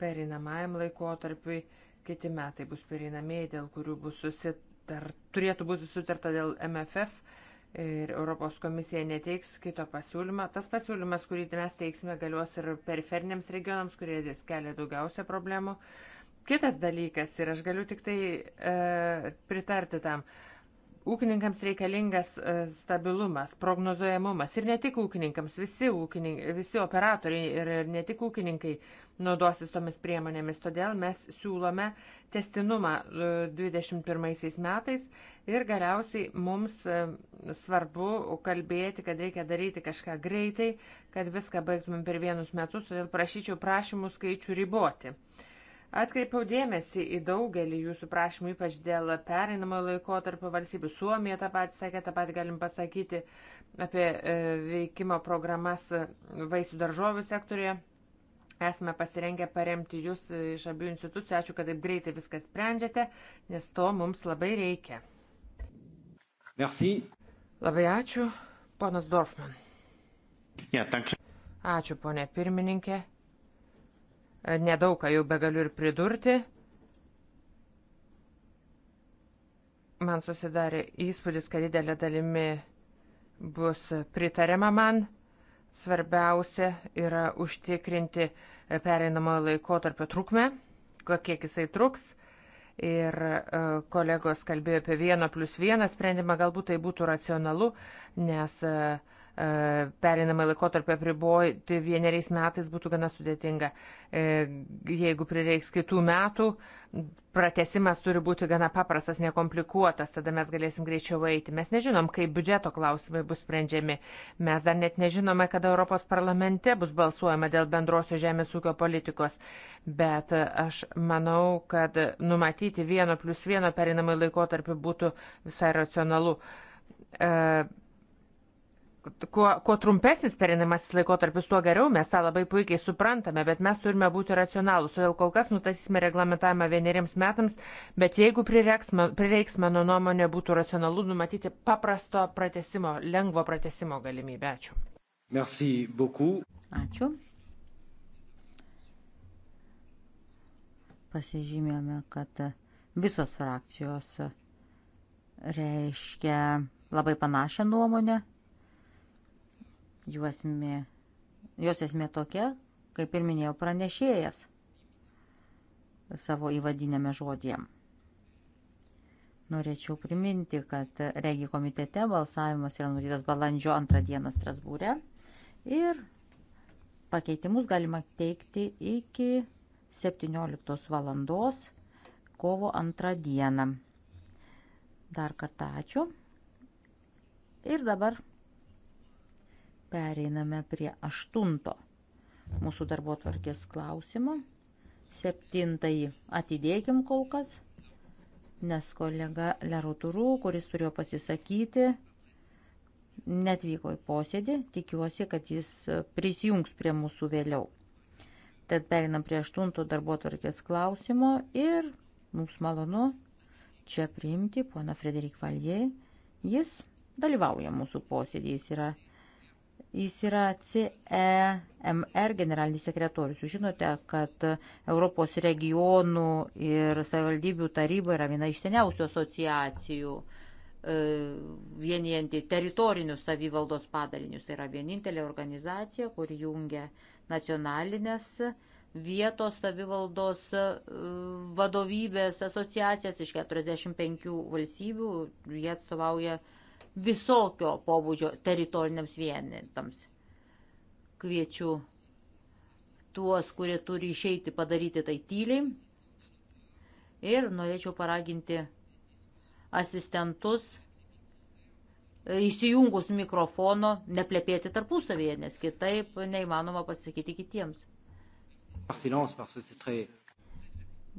perinamajam laikotarpiui. Kiti metai bus perinamieji, dėl kurių bus susitar, turėtų būti sutarta dėl MFF ir Europos komisija neteiks kito pasiūlymą. Tas pasiūlymas, kurį mes teiksime, galios ir periferiniams regionams, kurie kelia daugiausia problemų. Kitas dalykas, ir aš galiu tik tai e, pritarti tam, e, Ūkininkams reikalingas e, stabilumas, prognozuojamumas ir ne tik ūkininkams, visi, ūkininkai, visi operatoriai ir ne tik ūkininkai naudosis tomis priemonėmis. Todėl mes siūlome testinumą 2021 e, metais ir galiausiai mums e, svarbu kalbėti, kad reikia daryti kažką greitai, kad viską baigtumėm per vienus metus, todėl prašyčiau prašymų skaičių riboti. Atkreipiau dėmesį į daugelį jūsų prašymų, ypač dėl pereinamojo laiko tarp valstybių. Suomija tą patį sakė, tą patį galim pasakyti apie e, veikimo programas vaisių daržovių sektorėje. Esame pasirengę paremti jūs iš abiejų institucijų. Ačiū, kad taip greitai viską sprendžiate, nes to mums labai reikia. Merci. Labai ačiū, ponas Dorfman. Yeah, ja, ačiū, ponė pirmininkė. Nedaug ką jau begaliu ir pridurti. Man susidarė įspūdis, kad didelė dalimi bus pritarima man. Svarbiausia yra užtikrinti pereinamojo laikotarpio trukmę, kiek jisai truks. Ir e, kolegos kalbėjo apie vieną plus vieną sprendimą, galbūt tai būtų racionalu, nes uh, E, perinamą laikotarpį apriboti vieneriais metais būtų gana sudėtinga. E, jeigu prireiks kitų metų, pratesimas turi būti gana paprastas, nekomplikuotas, tada mes galėsim greičiau eiti. Mes nežinom, kaip biudžeto klausimai bus sprendžiami. Mes dar net nežinome, kada Europos parlamente bus balsuojama dėl bendrosios žemės ūkio politikos. Bet aš manau, kad numatyti vieno plus vieno perinamą laikotarpį būtų visai racionalu e, kuo, kuo trumpesnis perinamasis laikotarpis, tuo geriau mes tą labai puikiai suprantame, bet mes turime būti racionalūs. Todėl kol kas nutasysime reglamentavimą vieneriems metams, bet jeigu prireiks, prireiks mano nuomonė, būtų racionalu numatyti paprasto pratesimo, lengvo pratesimo galimybę. Ačiū. Merci beaucoup. Ačiū. Pasižymėjome, kad visos frakcijos reiškia labai panašią nuomonę Juos mė, jos esmė tokia, kaip ir minėjo pranešėjas savo įvadinėme žodėje. Norėčiau priminti, kad regi komitete balsavimas yra numatytas balandžio antrą dieną Strasbūre ir pakeitimus galima teikti iki 17 valandos kovo antrą dieną. Dar kartą ačiū. Ir dabar Pereiname prie aštunto mūsų darbo tvarkės klausimo. Septintąjį atidėkim kol kas, nes kolega Leroturų, kuris turėjo pasisakyti, netvyko į posėdį, tikiuosi, kad jis prisijungs prie mūsų vėliau. Tad perinam prie aštunto darbo tvarkės klausimo ir mums malonu čia priimti poną Frederik Valjei. Jis dalyvauja mūsų posėdį, jis yra Jis yra CEMR generalinis sekretorius. Jūs žinote, kad Europos regionų ir savivaldybių taryba yra viena iš seniausių asociacijų e, vienijantį teritorinius savivaldos padalinius. Tai yra vienintelė organizacija, kuri jungia nacionalinės vietos savivaldos e, vadovybės asociacijas iš 45 valstybių. Jie atstovauja visokio pobūdžio teritoriniams vienetams. Kviečiu tuos, kurie turi išeiti padaryti tai tyliai. Ir norėčiau paraginti asistentus įsijungus mikrofono neplepėti tarpusavėje, nes kitaip neįmanoma pasakyti kitiems. Par silence, parce que c'est très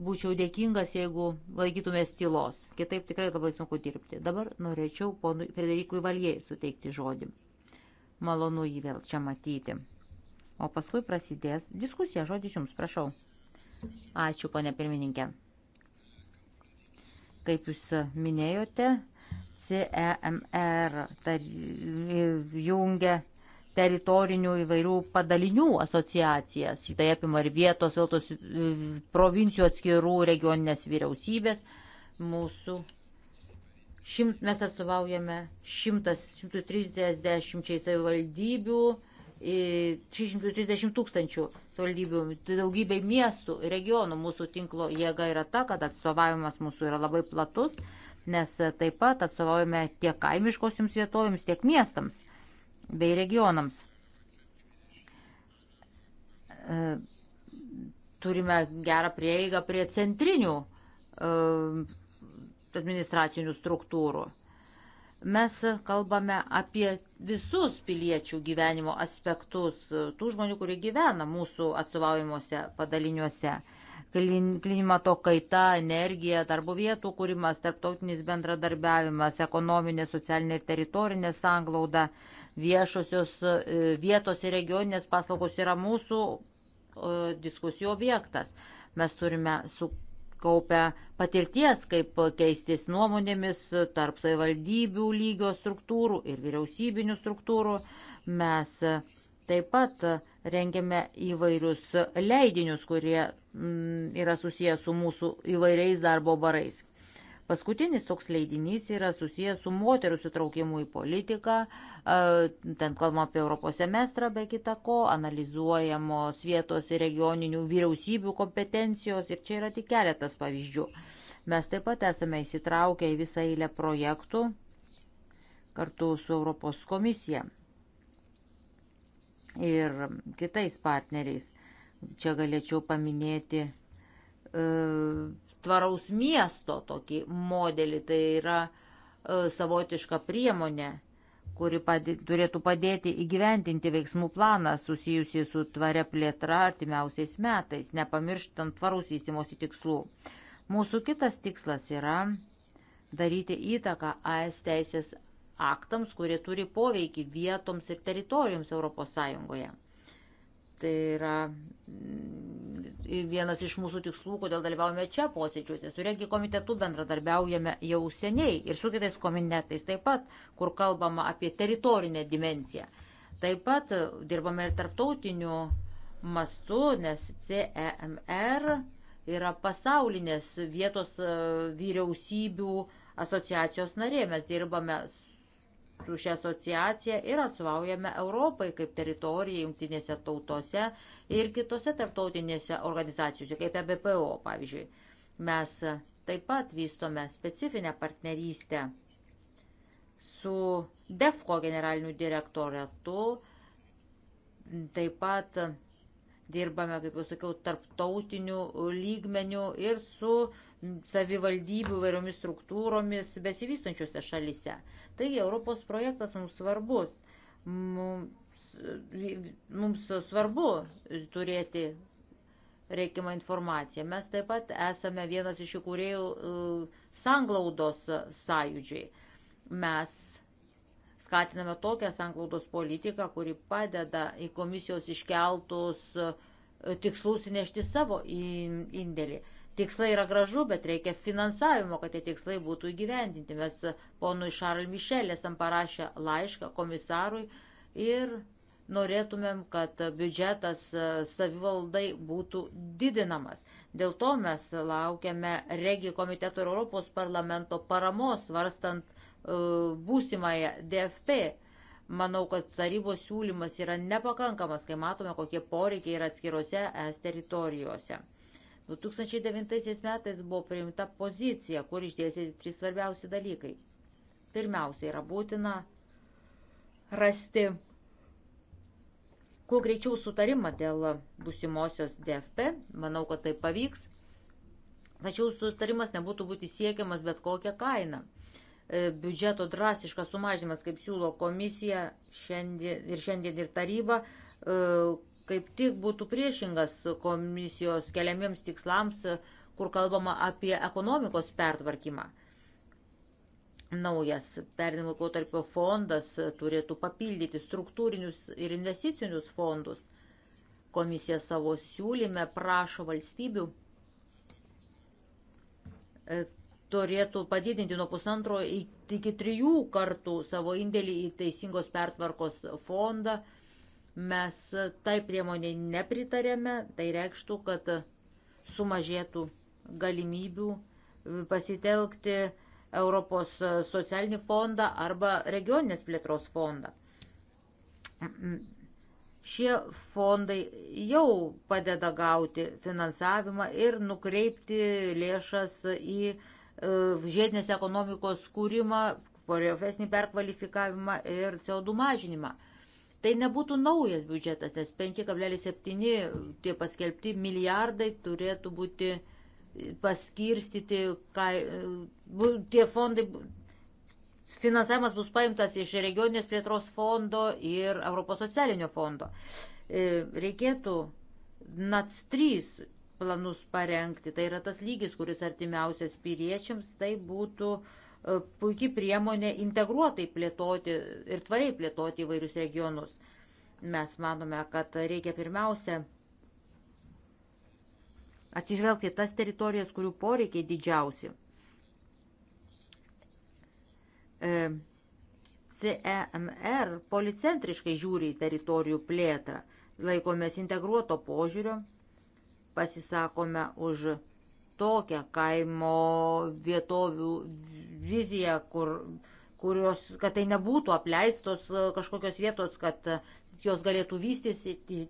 būčiau dėkingas, jeigu laikytumės tylos. Kitaip tikrai labai sunku dirbti. Dabar norėčiau ponui Frederikui Valjei suteikti žodį. Malonu jį vėl čia matyti. O paskui prasidės diskusija. Žodis jums, prašau. Ačiū, ponė pirmininkė. Kaip jūs minėjote, CEMR tar, jungia teritorinių įvairių padalinių asociacijas. Tai apima ir vietos, vietos e, provincijų atskirų regioninės vyriausybės. Mūsų šimt, mes atstovaujame 100, 130 savivaldybių. 630 e, tūkstančių savaldybių, tai daugybė miestų, regionų mūsų tinklo jėga yra ta, kad atstovavimas mūsų yra labai platus, nes taip pat atstovaujame tiek kaimiškosioms vietovėms, tiek miestams bei regionams. E, turime gerą prieigą prie centrinių e, administracinių struktūrų. Mes kalbame apie visus piliečių gyvenimo aspektus, e, tų žmonių, kurie gyvena mūsų atstovaujimuose padaliniuose klimato kaita, energija, darbo vietų kūrimas, tarptautinis bendradarbiavimas, ekonominė, socialinė ir teritorinė sanglauda, viešosios e, vietos ir regioninės paslaugos yra mūsų e, diskusijų objektas. Mes turime sukaupę patirties, kaip keistis nuomonėmis tarp savivaldybių lygio struktūrų ir vyriausybinių struktūrų. Mes uh, Taip pat e, rengiame įvairius leidinius, kurie mm, yra susijęs su mūsų įvairiais darbo barais. Paskutinis toks leidinys yra susijęs su moterų sitraukimu į politiką, e, ten kalbama apie Europos semestrą be kita ko, analizuojamos vietos ir regioninių vyriausybių kompetencijos ir čia yra tik keletas pavyzdžių. Mes taip pat esame įsitraukę į visą eilę projektų kartu su Europos komisija ir kitais partneriais. Čia galėčiau paminėti e, tvaraus miesto tokį modelį, tai yra e, savotiška priemonė, kuri padė, turėtų padėti įgyventinti veiksmų planą susijusį su tvaria plėtra artimiausiais metais, nepamirštant tvaraus vystimosi tikslų. Mūsų kitas tikslas yra daryti įtaką AS teisės aktams, kurie turi poveikį vietoms ir teritorijoms ES. Tai yra mm, vienas iš mūsų tikslų, kodėl dalyvaujame čia posėdžiuose. Su regi komitetu bendradarbiaujame jau seniai ir su kitais komitetais taip pat, kur kalbama apie teritorinę dimenciją. Taip pat dirbame ir tarptautiniu mastu, nes CEMR yra pasaulinės vietos e, vyriausybių asociacijos narė. Mes dirbame su šia asociacija ir atsovaujame Europai kaip teritoriją jungtinėse tautose ir kitose tarptautinėse organizacijose, kaip EBPO pavyzdžiui. Mes taip pat vystome specifinę partnerystę su DEFCO generaliniu direktoratu, taip pat dirbame, kaip jau sakiau, tarptautiniu lygmeniu ir su uh, savivaldybių vairiomis struktūromis besivystančiose šalyse. Taigi Europos projektas mums svarbus. Mums, mums svarbu turėti reikiamą informaciją. Mes taip pat esame vienas iš įkūrėjų e, sanglaudos sąjūdžiai. Mes skatiname tokią sanglaudos politiką, kuri padeda į komisijos iškeltus e, tikslus įnešti savo indėlį tikslai yra gražu, bet reikia finansavimo, kad tie tikslai būtų įgyvendinti. Mes ponui Šarl Mišelė esam parašę laišką komisarui ir norėtumėm, kad biudžetas e, savivaldai būtų didinamas. Dėl to mes laukiame Regi komiteto ir Europos parlamento paramos svarstant e, būsimąją DFP. Manau, kad tarybos siūlymas yra nepakankamas, kai matome, kokie poreikiai yra atskirose es teritorijose. 2009 metais buvo priimta pozicija, kur išdėsėti trys svarbiausi dalykai. Pirmiausia, yra būtina rasti kuo greičiau sutarimą dėl busimosios DFP. Manau, kad tai pavyks. Tačiau sutarimas nebūtų būti siekiamas bet kokią kainą. E, biudžeto drastiškas sumažinimas, kaip siūlo komisija šiandien, ir šiandien ir taryba, e, kaip tik būtų priešingas komisijos keliamiems tikslams, kur kalbama apie ekonomikos pertvarkymą. Naujas perdimo kotarpio fondas turėtų papildyti struktūrinius ir investicinius fondus. Komisija savo siūlyme prašo valstybių e, turėtų padidinti nuo pusantro iki trijų kartų savo indėlį į teisingos pertvarkos fondą Mes tai priemoniai nepritarėme, tai reikštų, kad sumažėtų galimybių pasitelkti Europos socialinį fondą arba regioninės plėtros fondą. Šie fondai jau padeda gauti finansavimą ir nukreipti lėšas į e, žiedinės ekonomikos skūrimą, profesinį perkvalifikavimą ir CO2 mažinimą. Tai nebūtų naujas biudžetas, nes 5,7 tie paskelbti milijardai turėtų būti e, paskirstyti, kai, e, tie fondai, finansavimas bus paimtas iš regioninės plėtros fondo ir Europos socialinio fondo. E, reikėtų NAC 3 planus parengti, tai yra tas lygis, kuris artimiausias piliečiams, tai būtų uh, E, puikiai priemonė integruotai plėtoti ir tvariai plėtoti įvairius regionus. Mes manome, kad reikia pirmiausia atsižvelgti tas teritorijas, kurių poreikiai didžiausi. E, CEMR policentriškai žiūri į teritorijų plėtrą, laikomės integruoto požiūrio, pasisakome už kitokią kaimo vietovių viziją, kur, kurios, kad tai nebūtų apleistos e, kažkokios vietos, kad jos galėtų vystytis,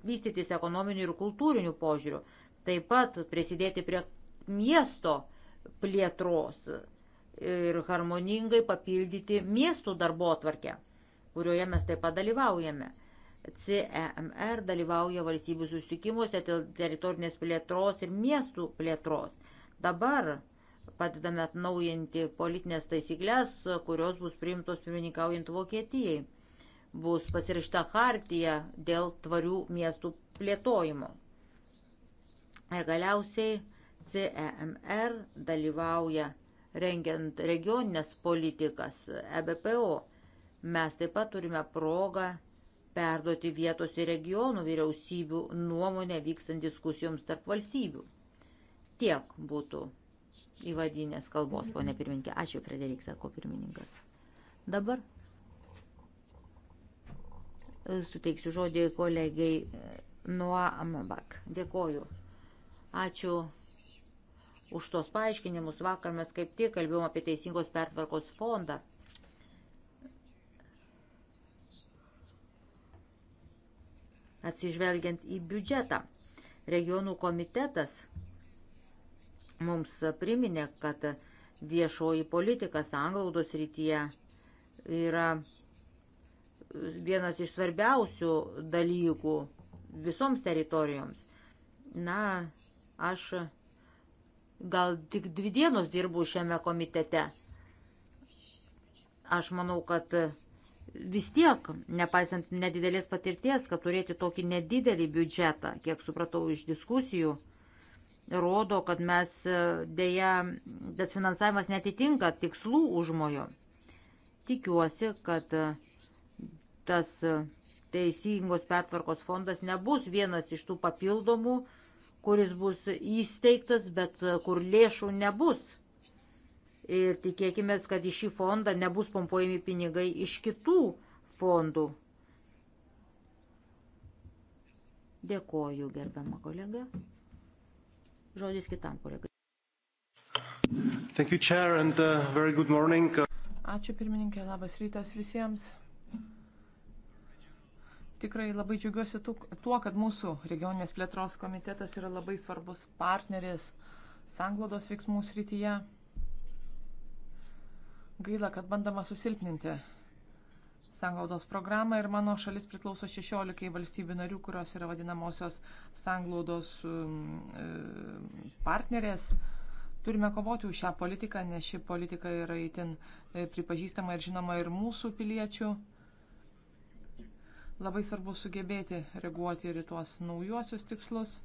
vystytis ekonominiu ir kultūriniu požiūriu. Taip pat prisidėti prie miesto plėtros ir harmoningai papildyti miestų darbo atvarkę, kurioje mes taip pat dalyvaujame. CEMR dalyvauja valstybių sustikimuose dėl teritorinės plėtros ir miestų plėtros. Dabar padedame atnaujinti politinės taisyklės, kurios bus priimtos pirmininkaujant Vokietijai. Bus pasirašta hartija dėl tvarių miestų plėtojimo. Ir galiausiai CEMR dalyvauja rengiant regioninės politikas EBPO. Mes taip pat turime progą perduoti vietos ir regionų vyriausybių nuomonę vykstant diskusijoms tarp valstybių. Tiek būtų įvadinės kalbos, ponė pirmininkė. Ačiū, Frederik, sako pirmininkas. Dabar e, suteiksiu žodį kolegiai e, Noa Amebak. Dėkoju. Ačiū už tos paaiškinimus. Vakar mes kaip tik kalbėjom apie Teisingos pertvarkos fondą. Atsižvelgiant į biudžetą, regionų komitetas mums priminė, kad viešoji politika sanglaudos rytyje yra vienas iš svarbiausių dalykų visoms teritorijoms. Na, aš gal tik dvi dienos dirbu šiame komitete. Aš manau, kad vis tiek, nepaisant nedidelės patirties, kad turėti tokį nedidelį biudžetą, kiek supratau iš diskusijų, rodo, kad mes e, dėja, tas finansavimas netitinka tikslų užmojo. Tikiuosi, kad e, tas e, teisingos pertvarkos fondas nebus vienas iš tų papildomų, kuris bus įsteigtas, bet kur lėšų nebus. Ir tikėkime, kad į šį fondą nebus pompuojami pinigai iš kitų fondų. Dėkoju, gerbiama kolega. Žodis kitam kolegai. Thank you, Chair, and uh, very good morning. Uh, Ačiū pirmininkė, labas rytas visiems. Tikrai labai džiugiuosi tuo, kad mūsų regioninės plėtros komitetas yra labai svarbus partneris sanglodos veiksmų srityje. Gaila, kad bandama susilpninti sanglaudos programą ir mano šalis priklauso 16 valstybių narių, kurios yra vadinamosios sanglaudos um, e, partnerės. Turime kovoti už šią politiką, nes ši politika yra įtin e, pripažįstama ir žinoma ir mūsų piliečių. Labai svarbu sugebėti reaguoti ir į tuos naujuosius tikslus.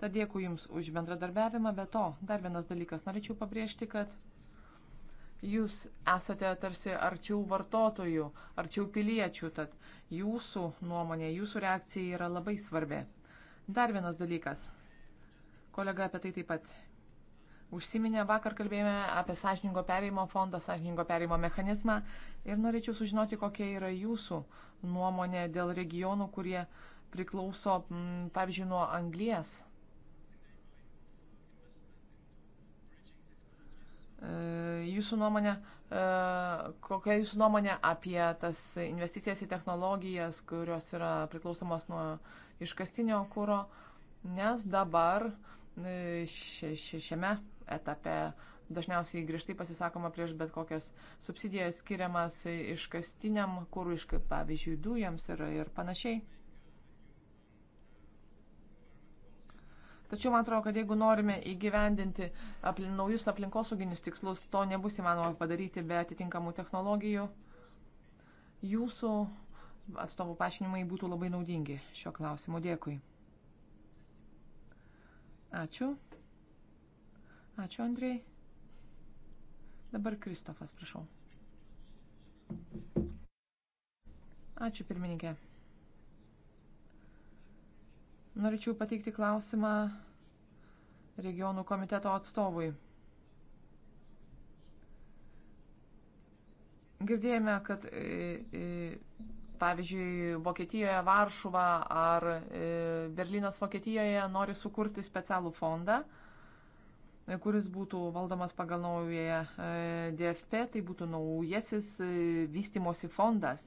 Tad dėkui Jums už bendradarbiavimą, bet to dar vienas dalykas norėčiau pabrėžti, kad jūs esate tarsi arčiau vartotojų, arčiau piliečių, tad jūsų nuomonė, jūsų reakcija yra labai svarbi. Dar vienas dalykas. Kolega apie tai taip pat užsiminė, vakar kalbėjome apie sąžiningo perėjimo fondą, sąžiningo perėjimo mechanizmą ir norėčiau sužinoti, kokia yra jūsų nuomonė dėl regionų, kurie priklauso, pavyzdžiui, nuo anglies E, jūsų nuomonė, e, kokia jūsų nuomonė apie tas investicijas į technologijas, kurios yra priklausomas nuo iškastinio kūro, nes dabar e, šiame etape dažniausiai griežtai pasisakoma prieš bet kokias subsidijas skiriamas iškastiniam kūrui, pavyzdžiui, dujams ir, ir panašiai. Tačiau man atrodo, kad jeigu norime įgyvendinti aplin, naujus aplinkosauginius tikslus, to nebus įmanoma padaryti be atitinkamų technologijų. Jūsų atstovų paaiškinimai būtų labai naudingi šiuo klausimu. Dėkui. Ačiū. Ačiū, Andrei. Dabar Kristofas, prašau. Ačiū, pirmininkė. Norėčiau pateikti klausimą regionų komiteto atstovui. Girdėjome, kad e, e, pavyzdžiui Vokietijoje Varšuva ar e, Berlynas Vokietijoje nori sukurti specialų fondą, kuris būtų valdomas pagal naują DFP, tai būtų naujasis vystimosi fondas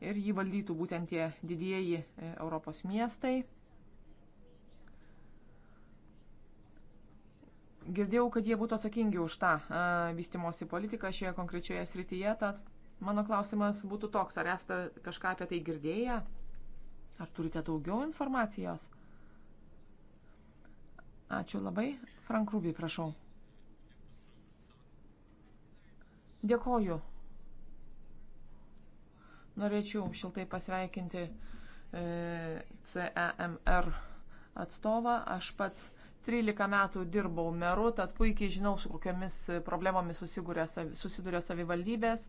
ir jį valdytų būtent tie didieji Europos miestai. Girdėjau, kad jie būtų atsakingi už tą vystimosi politiką šioje konkrečioje srityje, tad mano klausimas būtų toks, ar esate kažką apie tai girdėję, ar turite daugiau informacijos? Ačiū labai. Frank Rubį, prašau. Dėkoju. Norėčiau šiltai pasveikinti e, CEMR atstovą. Aš pats 13 metų dirbau meru, tad puikiai žinau, su kokiamis problemomis susiduria savivaldybės.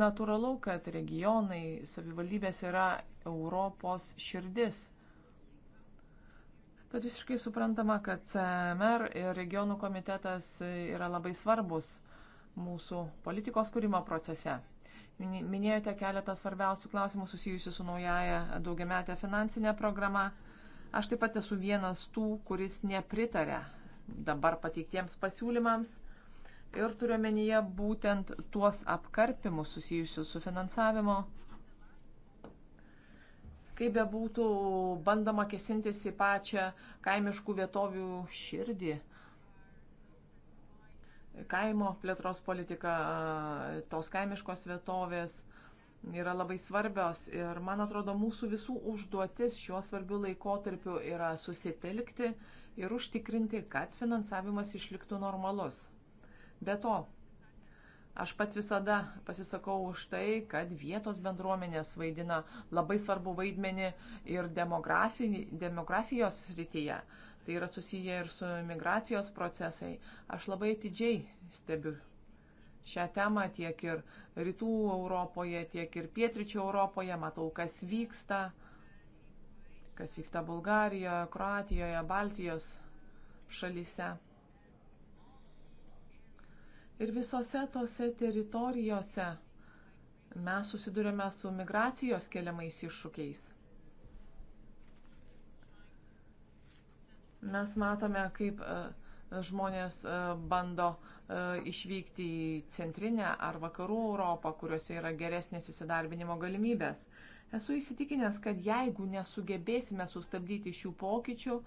Natūralu, kad regionai, savivaldybės yra Europos širdis. Tad visiškai suprantama, kad CMR ir regionų komitetas yra labai svarbus mūsų politikos kūrimo procese. Minėjote keletą svarbiausių klausimų susijusių su naujaja daugiametė finansinė programa. Aš taip pat esu vienas tų, kuris nepritarė dabar pateiktiems pasiūlymams ir turiuomenyje būtent tuos apkarpimus susijusius su finansavimo. Kaip bebūtų bandoma kesintis į pačią kaimiškų vietovių širdį. Kaimo plėtros politika, tos kaimiškos vietovės yra labai svarbios ir man atrodo mūsų visų užduotis šiuo svarbiu laikotarpiu yra susitelkti ir užtikrinti, kad finansavimas išliktų normalus. Be to, aš pats visada pasisakau už tai, kad vietos bendruomenės vaidina labai svarbu vaidmenį ir demografijos rytyje. Tai yra susiję ir su migracijos procesai. Aš labai atidžiai stebiu šią temą tiek ir rytų Europoje, tiek ir pietričių Europoje. Matau, kas vyksta, kas vyksta Bulgarijoje, Kroatijoje, Baltijos šalyse. Ir visose tose teritorijose mes susidurėme su migracijos keliamais iššūkiais. Mes matome, kaip uh, žmonės e, bando e, išvykti į centrinę ar vakarų Europą, kuriuose yra geresnės įsidarbinimo galimybės. Esu įsitikinęs, kad jeigu nesugebėsime sustabdyti šių pokyčių,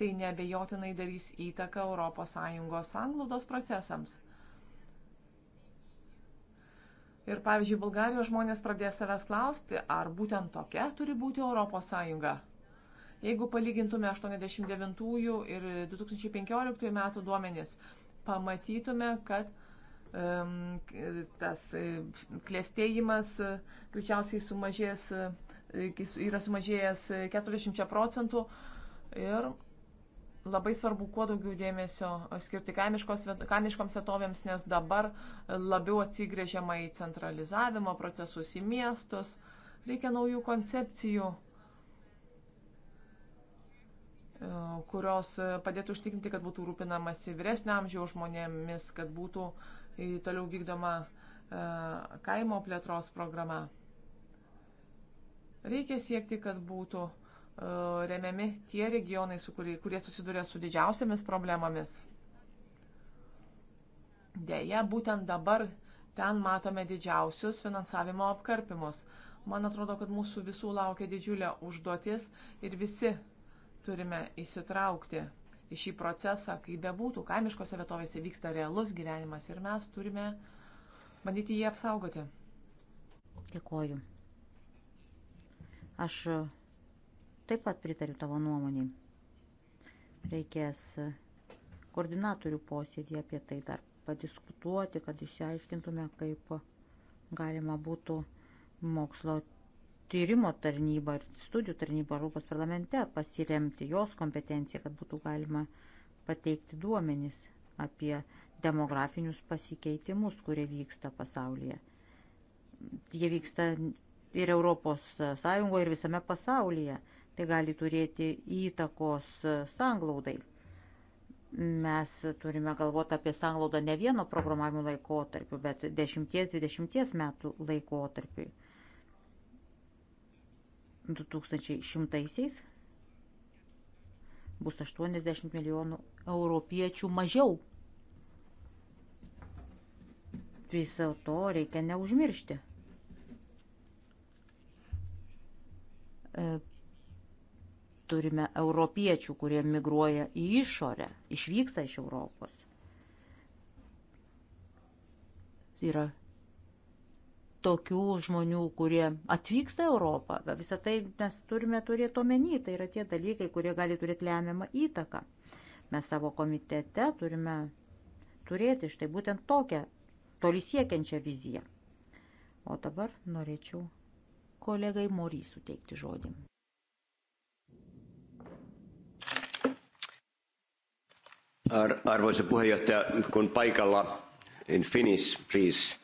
tai nebejotinai darys įtaką ES sanglaudos procesams. Ir pavyzdžiui, Bulgarijos žmonės pradės savęs klausti, ar būtent tokia turi būti ES. Jeigu palygintume 89 ir 2015 metų duomenis, pamatytume, kad tas e, klėstėjimas e, greičiausiai sumažės, e, yra sumažėjęs 40 procentų ir labai svarbu kuo daugiau dėmesio skirti kaimiškoms vietovėms, nes dabar labiau atsigrėžiama į centralizavimo procesus, į miestus, reikia naujų koncepcijų E, kurios e, padėtų užtikrinti, kad būtų rūpinamasi vyresnio amžiaus žmonėmis, kad būtų toliau vykdoma e, kaimo plėtros programa. Reikia siekti, kad būtų remiami tie regionai, su kurie, kurie susiduria su didžiausiamis problemomis. Deja, būtent dabar ten matome didžiausius finansavimo apkarpimus. Man atrodo, kad mūsų visų laukia didžiulė užduotis ir visi turime įsitraukti į šį procesą, kaip bebūtų, kaimiškose vietovėse vyksta realus gyvenimas ir mes turime bandyti jį apsaugoti. Dėkoju. Aš taip pat pritariu tavo nuomonį. Reikės koordinatorių posėdį apie tai dar padiskutuoti, kad išsiaiškintume, kaip galima būtų mokslo tyrimo tarnybą ir studijų tarnybą Europos parlamente pasiremti jos kompetenciją, kad būtų galima pateikti duomenis apie demografinius pasikeitimus, kurie vyksta pasaulyje. Jie vyksta ir Europos Sąjungoje, ir visame pasaulyje. Tai gali turėti įtakos sanglaudai. Mes turime galvoti apie sanglaudą ne vieno programavimo laikotarpiu, bet 10-20 metų laikotarpiu 2100 bus 80 milijonų europiečių mažiau. Viso to reikia neužmiršti. E, turime europiečių, kurie migruoja į išorę, išvyksta iš Europos. Yra tokių žmonių, kurie atvyksta Europą. Visą tai mes turime turėti omeny, tai yra tie dalykai, kurie gali turėti lemiamą įtaką. Mes savo komitete turime turėti štai būtent tokią toli siekiančią viziją. O dabar norėčiau kolegai Mory suteikti žodį. Ar, arvoisa puheenjohtaja, kun paikalla in Finnish, please.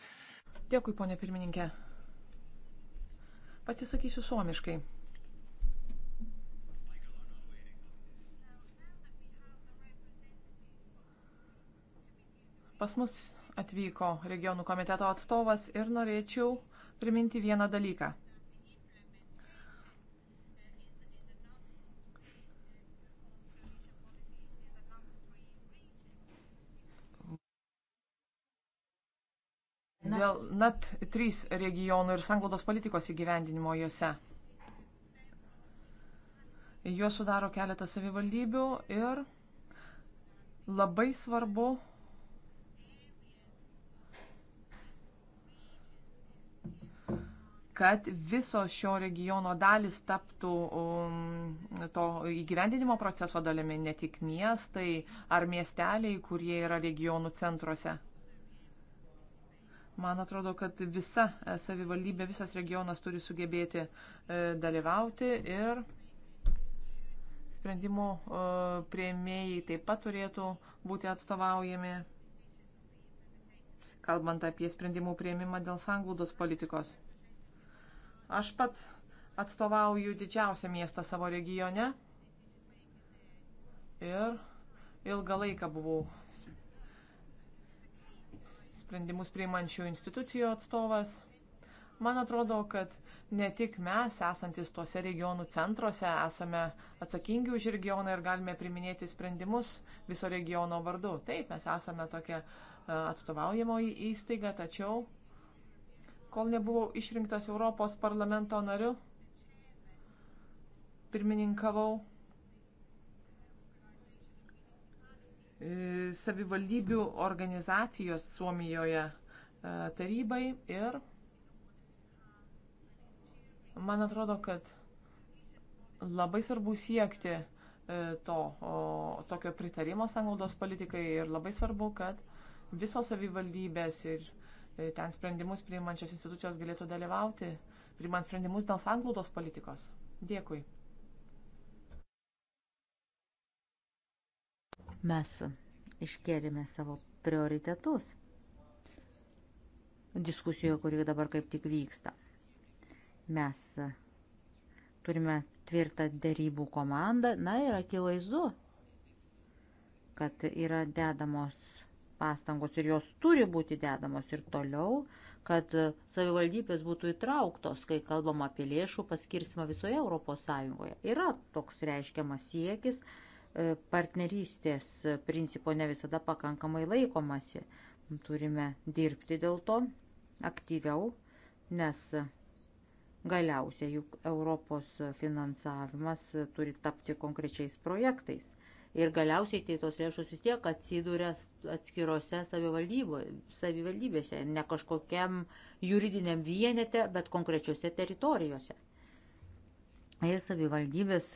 Dėkui, ponė pirmininkė. Pasisakysiu suomiškai. Pas mus atvyko regionų komiteto atstovas ir norėčiau priminti vieną dalyką – dėl NAT 3 regionų ir sanglaudos politikos įgyvendinimo juose. Juos sudaro keletą savivaldybių ir labai svarbu kad visos šio regiono dalis taptų um, to įgyvendinimo proceso dalimi, ne tik miestai ar miesteliai, kurie yra regionų centruose. Man atrodo, kad visa e, savivaldybė, visas regionas turi sugebėti e, dalyvauti ir sprendimų e, prieimėjai taip pat turėtų būti atstovaujami, kalbant apie sprendimų prieimimą dėl sanglaudos politikos. Aš pats atstovauju didžiausią miestą savo regione ir ilgą laiką buvau sprendimus priimančių institucijų atstovas. Man atrodo, kad ne tik mes, esantis tuose regionų centruose, esame atsakingi už regioną ir galime priminėti sprendimus viso regiono vardu. Taip, mes esame tokia e, atstovaujamoji įstaiga, tačiau kol nebuvau išrinktas Europos parlamento nariu, pirmininkavau E, savivaldybių organizacijos Suomijoje e, tarybai ir man atrodo, kad labai svarbu siekti e, to o, tokio pritarimo sanglaudos politikai ir labai svarbu, kad visos savivaldybės ir ten sprendimus priimančios institucijos galėtų dalyvauti, priimant sprendimus dėl sanglaudos politikos. Dėkui. Mes iškėlėme savo prioritetus diskusijoje, kuri dabar kaip tik vyksta. Mes turime tvirtą dėrybų komandą, na ir akivaizdu, kad yra dedamos pastangos ir jos turi būti dedamos ir toliau, kad savivaldybės būtų įtrauktos, kai kalbam apie lėšų paskirsimą visoje ES. Yra toks reiškiamas siekis, E, partnerystės principo ne visada pakankamai laikomasi. Turime dirbti dėl to aktyviau, nes galiausiai juk Europos finansavimas turi tapti konkrečiais projektais. Ir galiausiai tai tos lėšos vis tiek atsiduria atskirose savivaldybėse, ne kažkokiam juridiniam vienete, bet konkrečiose teritorijose. Ir savivaldybės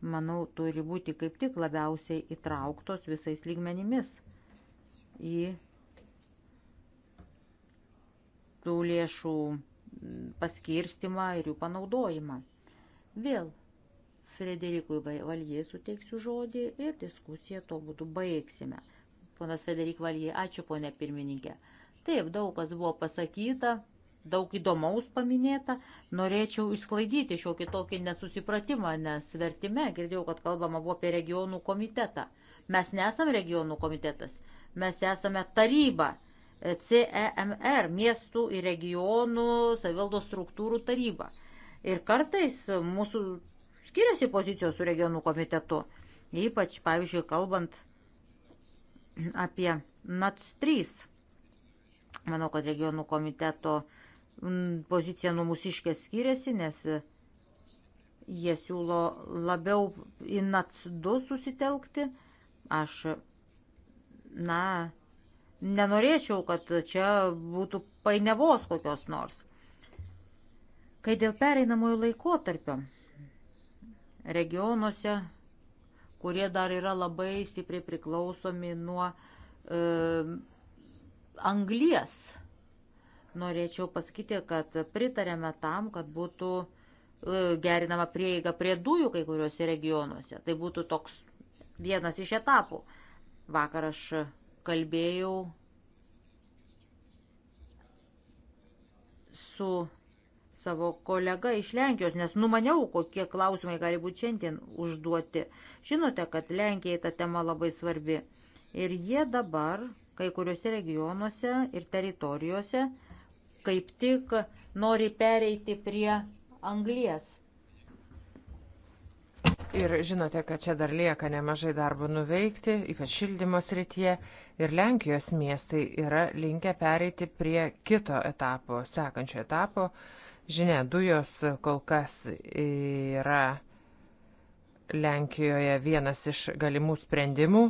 manau, turi būti kaip tik labiausiai įtrauktos visais lygmenimis į tų lėšų paskirstimą ir jų panaudojimą. Vėl Frederikui Valjei suteiksiu žodį ir diskusiją to būdu baigsime. Ponas Frederik Valjei, ačiū ponė pirmininkė. Taip, daug kas buvo pasakyta, daug įdomaus paminėta. Norėčiau išsklaidyti šiokį tokį nesusipratimą, nes vertime girdėjau, kad kalbama buvo apie regionų komitetą. Mes nesame regionų komitetas, mes esame taryba. E, CEMR, miestų ir regionų savivaldos struktūrų taryba. Ir kartais mūsų skiriasi pozicijos su regionų komitetu, ypač, pavyzdžiui, kalbant apie NATS 3. Manau, kad regionų komiteto uh, pozicija nuo mūsiškės skiriasi, nes jie siūlo labiau į NAC 2 susitelkti. Aš, na, nenorėčiau, kad čia būtų painiavos kokios nors. Kai dėl pereinamojo laikotarpio regionuose, kurie dar yra labai stipriai priklausomi nuo e, anglies norėčiau pasakyti, kad pritarėme tam, kad būtų e, gerinama prieiga prie dujų kai kuriuose regionuose. Tai būtų toks vienas iš etapų. Vakar aš kalbėjau su savo kolega iš Lenkijos, nes numaniau, kokie klausimai gali būti šiandien užduoti. Žinote, kad Lenkijai ta tema labai svarbi. Ir jie dabar kai kuriuose regionuose ir teritorijose kaip tik nori pereiti prie anglies. Ir žinote, kad čia dar lieka nemažai darbo nuveikti, ypač šildymo srityje. Ir Lenkijos miestai yra linkę pereiti prie kito etapo, sekančio etapo. Žinia, dujos kol kas yra Lenkijoje vienas iš galimų sprendimų,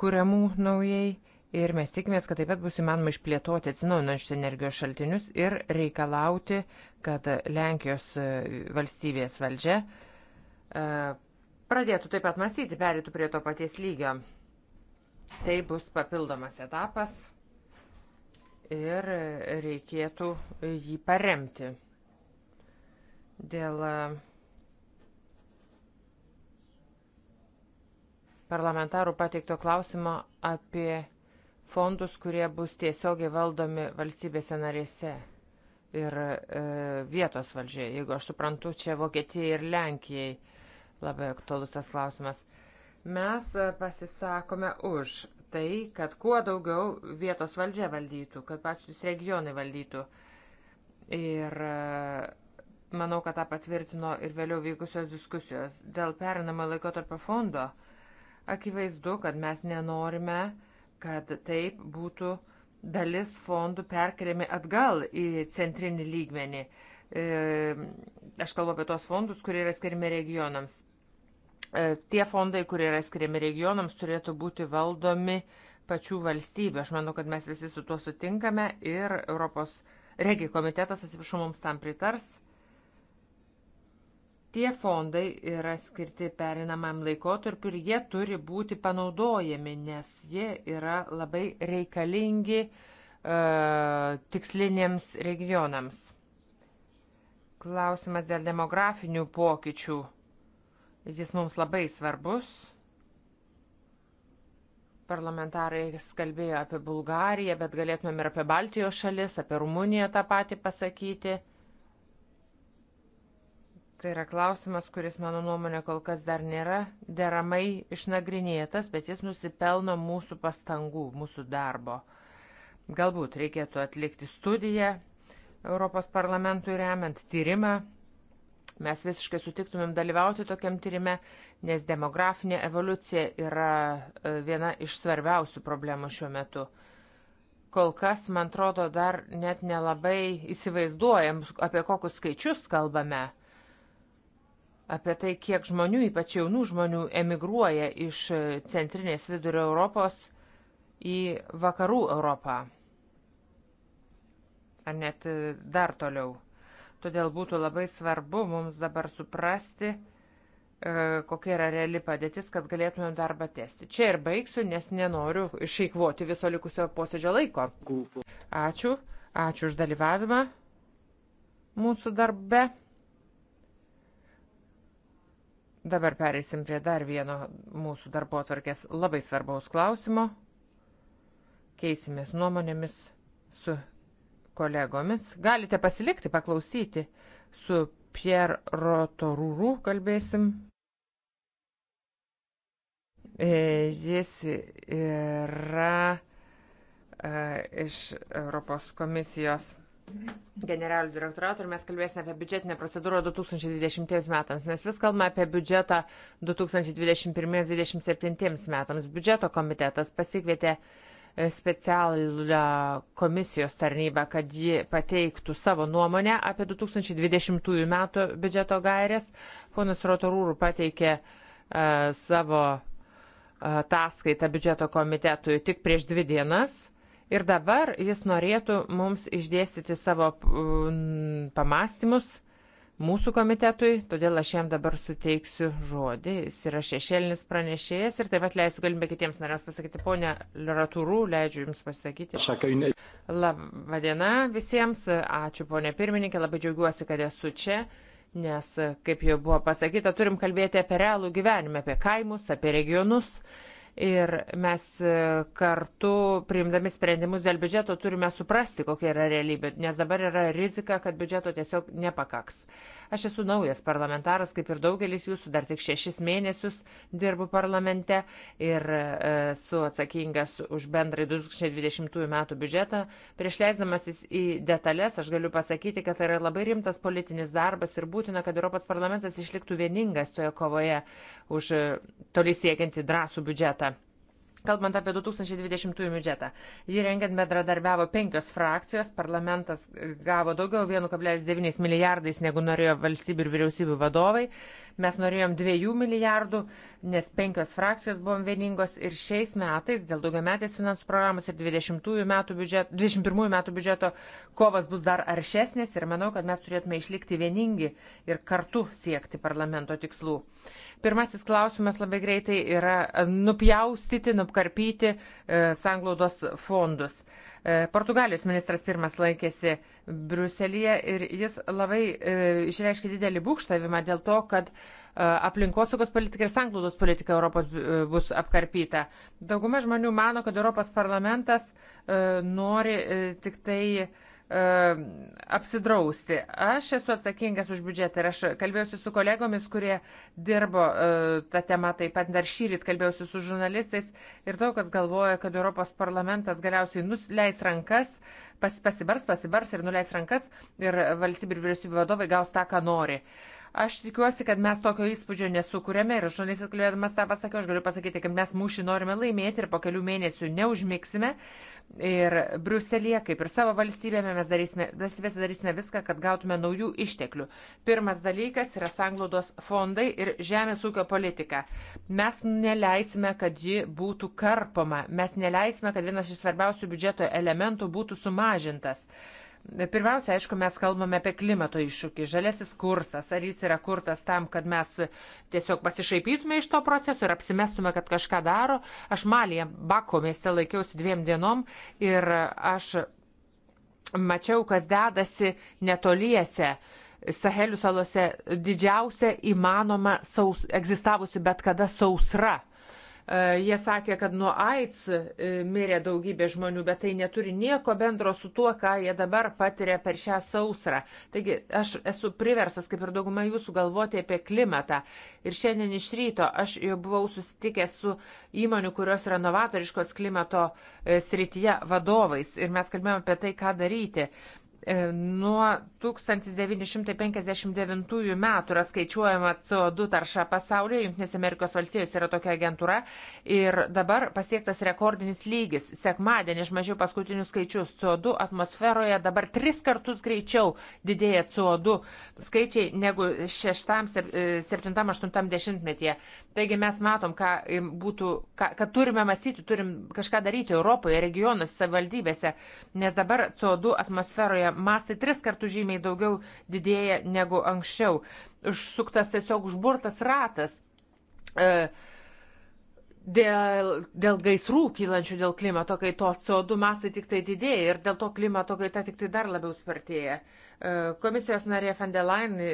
kuriamų naujai ir mes tikimės, kad taip pat bus įmanoma išplėtoti atsinaujinančius energijos šaltinius ir reikalauti, kad Lenkijos e, valstybės valdžia e, pradėtų taip pat mąstyti, perėtų prie to paties lygio. Tai bus papildomas etapas ir reikėtų jį paremti. Dėl e, parlamentarų pateikto klausimo apie fondus, kurie bus tiesiogiai valdomi valstybėse narėse ir e, vietos valdžiai. Jeigu aš suprantu, čia Vokietijai ir Lenkijai labai aktualus tas klausimas. Mes e, pasisakome už tai, kad kuo daugiau vietos valdžia valdytų, kad pačius regionai valdytų. Ir e, manau, kad tą patvirtino ir vėliau vykusios diskusijos. Dėl perinamo laikotarpio fondo akivaizdu, kad mes nenorime kad taip būtų dalis fondų perkeliami atgal į centrinį lygmenį. E, aš kalbu apie tos fondus, kurie yra skirimi regionams. E, tie fondai, kurie yra skirimi regionams, turėtų būti valdomi pačių valstybių. Aš manau, kad mes visi su tuo sutinkame ir Europos regijų komitetas, atsiprašau, mums tam pritars. Tie fondai yra skirti perinamam laikotarpiu ir jie turi būti panaudojami, nes jie yra labai reikalingi e, tikslinėms regionams. Klausimas dėl demografinių pokyčių. Jis mums labai svarbus parlamentarai kalbėjo apie Bulgariją, bet galėtumėm ir apie Baltijos šalis, apie Rumuniją tą patį pasakyti. Tai yra klausimas, kuris, mano nuomonė, kol kas dar nėra deramai išnagrinėtas, bet jis nusipelno mūsų pastangų, mūsų darbo. Galbūt reikėtų atlikti studiją Europos parlamentui remiant tyrimą. Mes visiškai sutiktumėm dalyvauti tokiam tyrimė, nes demografinė evoliucija yra e, viena iš svarbiausių problemų šiuo metu kol kas, man atrodo, dar net nelabai įsivaizduojam, apie kokius skaičius kalbame apie tai, kiek žmonių, ypač jaunų žmonių, emigruoja iš centrinės vidurio Europos į vakarų Europą. Ar net e, dar toliau. Todėl būtų labai svarbu mums dabar suprasti, e, kokia yra reali padėtis, kad galėtumėm darbą tęsti. Čia ir baigsiu, nes nenoriu išeikvoti viso likusio posėdžio laiko. Ačiū, ačiū už dalyvavimą mūsų darbe. Dabar pereisim prie dar vieno mūsų darbo atvarkės labai svarbaus klausimo. Keisimės nuomonėmis su kolegomis. Galite pasilikti, paklausyti. Su Pierre Rotorūru kalbėsim. E, jis yra e, iš Europos komisijos generalinio direktorato ir mes kalbėsime apie biudžetinę procedūrą 2020 metams, nes vis kalbame apie biudžetą 2021-2027 metams. Biudžeto komitetas pasikvietė e, specialią komisijos tarnybą, kad ji pateiktų savo nuomonę apie 2020 metų biudžeto gairės. Ponas Rotorūrų pateikė uh, savo e, ataskaitą biudžeto komitetui tik prieš dvi dienas. Ir dabar jis norėtų mums išdėstyti savo mm, pamastymus mūsų komitetui, todėl aš jam dabar suteiksiu žodį. Jis yra šešėlinis pranešėjas ir taip pat leisiu galimybę kitiems nariams pasakyti, ponia Ratūrų, leidžiu jums pasakyti. Šakainė. Labadiena visiems, ačiū ponia pirmininkė, labai džiaugiuosi, kad esu čia. Nes, kaip jau buvo pasakyta, turim kalbėti apie realų gyvenimą, apie kaimus, apie regionus. Uh, Ir mes e, kartu, priimdami sprendimus dėl biudžeto, turime suprasti, kokia yra realybė, nes dabar yra rizika, kad biudžeto tiesiog nepakaks. Uh, Aš esu naujas parlamentaras, kaip ir daugelis jūsų, dar tik šešis mėnesius dirbu parlamente ir e, esu atsakingas už bendrai 2020 metų biudžetą. Prieš leisdamasis į detalės, aš galiu pasakyti, kad tai yra labai rimtas politinis darbas ir būtina, kad Europos parlamentas išliktų vieningas toje kovoje už e, toli siekiantį drąsų biudžetą. Kalbant apie 2020 biudžetą, jį rengiant bendradarbiavo penkios frakcijos, parlamentas gavo daugiau 1,9 milijardais negu norėjo valstybių ir vyriausybių vadovai. Mes norėjom 2 milijardų, nes penkios frakcijos buvom vieningos ir šiais metais dėl daugiametės finansų programos ir 20 metų biudžet, 21 metų biudžeto kovas bus dar aršesnis ir manau, kad mes turėtume išlikti vieningi ir kartu siekti parlamento tikslų. Pirmasis klausimas labai greitai yra e, nupjaustyti, nupkarpyti e, sanglaudos fondus. E, Portugalijos ministras pirmas laikėsi Bruselėje ir jis labai e, išreiškė didelį būkštavimą dėl to, kad e, aplinkosaugos politika ir sanglaudos politika Europos e, bus apkarpyta. Dauguma žmonių mano, kad Europos parlamentas nori tik tai apsidrausti. Aš esu atsakingas už biudžetą ir aš kalbėjausi su kolegomis, kurie dirbo e, tą temą, taip pat dar šyrit kalbėjausi su žurnalistais ir daug kas galvoja, kad Europos parlamentas galiausiai nuleis rankas, pas, pasibars, pasibars ir nuleis rankas ir valstybių ir vyriausybių vadovai gaus tą, ką nori. Uh, Aš tikiuosi, kad mes tokio įspūdžio nesukūrėme ir žurnalistas atkalbėdamas tą pasakiau, aš galiu pasakyti, kad mes mūšį norime laimėti ir po kelių mėnesių neužmiksime. Ir Bruselėje, kaip ir savo valstybėme, mes darysime, mes darysime viską, kad gautume naujų išteklių. Pirmas dalykas yra sanglaudos fondai ir žemės ūkio politika. Mes neleisime, kad ji būtų karpoma. Mes neleisime, kad vienas iš svarbiausių biudžeto elementų būtų sumažintas. Pirmiausia, aišku, mes kalbame apie klimato iššūkį. Žalesis kursas, ar jis yra kurtas tam, kad mes tiesiog pasišaipytume iš to proceso ir apsimestume, kad kažką daro. Aš Malėje, Bako mieste laikiausi dviem dienom ir aš mačiau, kas dedasi netoliese. Sahelių salose didžiausia įmanoma saus, egzistavusi bet kada sausra. Uh, E, jie sakė, kad nuo AIDS e, mirė daugybė žmonių, bet tai neturi nieko bendro su tuo, ką jie dabar patiria per šią sausrą. Taigi aš esu priversas, kaip ir dauguma jūsų, galvoti apie klimatą. Ir šiandien iš ryto aš jau buvau susitikęs su įmonių, kurios yra novatoriškos klimato e, srityje vadovais. Ir mes kalbėjome apie tai, ką daryti. E, nuo 1959 metų yra skaičiuojama CO2 tarša pasaulyje, Junktinės Amerikos valstijos yra tokia agentūra ir dabar pasiektas rekordinis lygis. Sekmadienį iš mažiau paskutinių skaičius CO2 atmosferoje dabar tris kartus greičiau didėja CO2 skaičiai negu 6-7-8 e, metyje. Taigi mes matom, būtų, ką, kad turime mąstyti, turim kažką daryti Europoje, regionuose, savivaldybėse, nes dabar CO2 atmosferoje mastai tris kartus žymiai daugiau didėja negu anksčiau. Užsuktas tiesiog užburtas ratas. E, dėl, dėl gaisrų kylančių dėl klimato kaitos CO2 masai tik tai didėja ir dėl to klimato kaita tik tai dar labiau spartėja. E, komisijos narė van der Leyen e,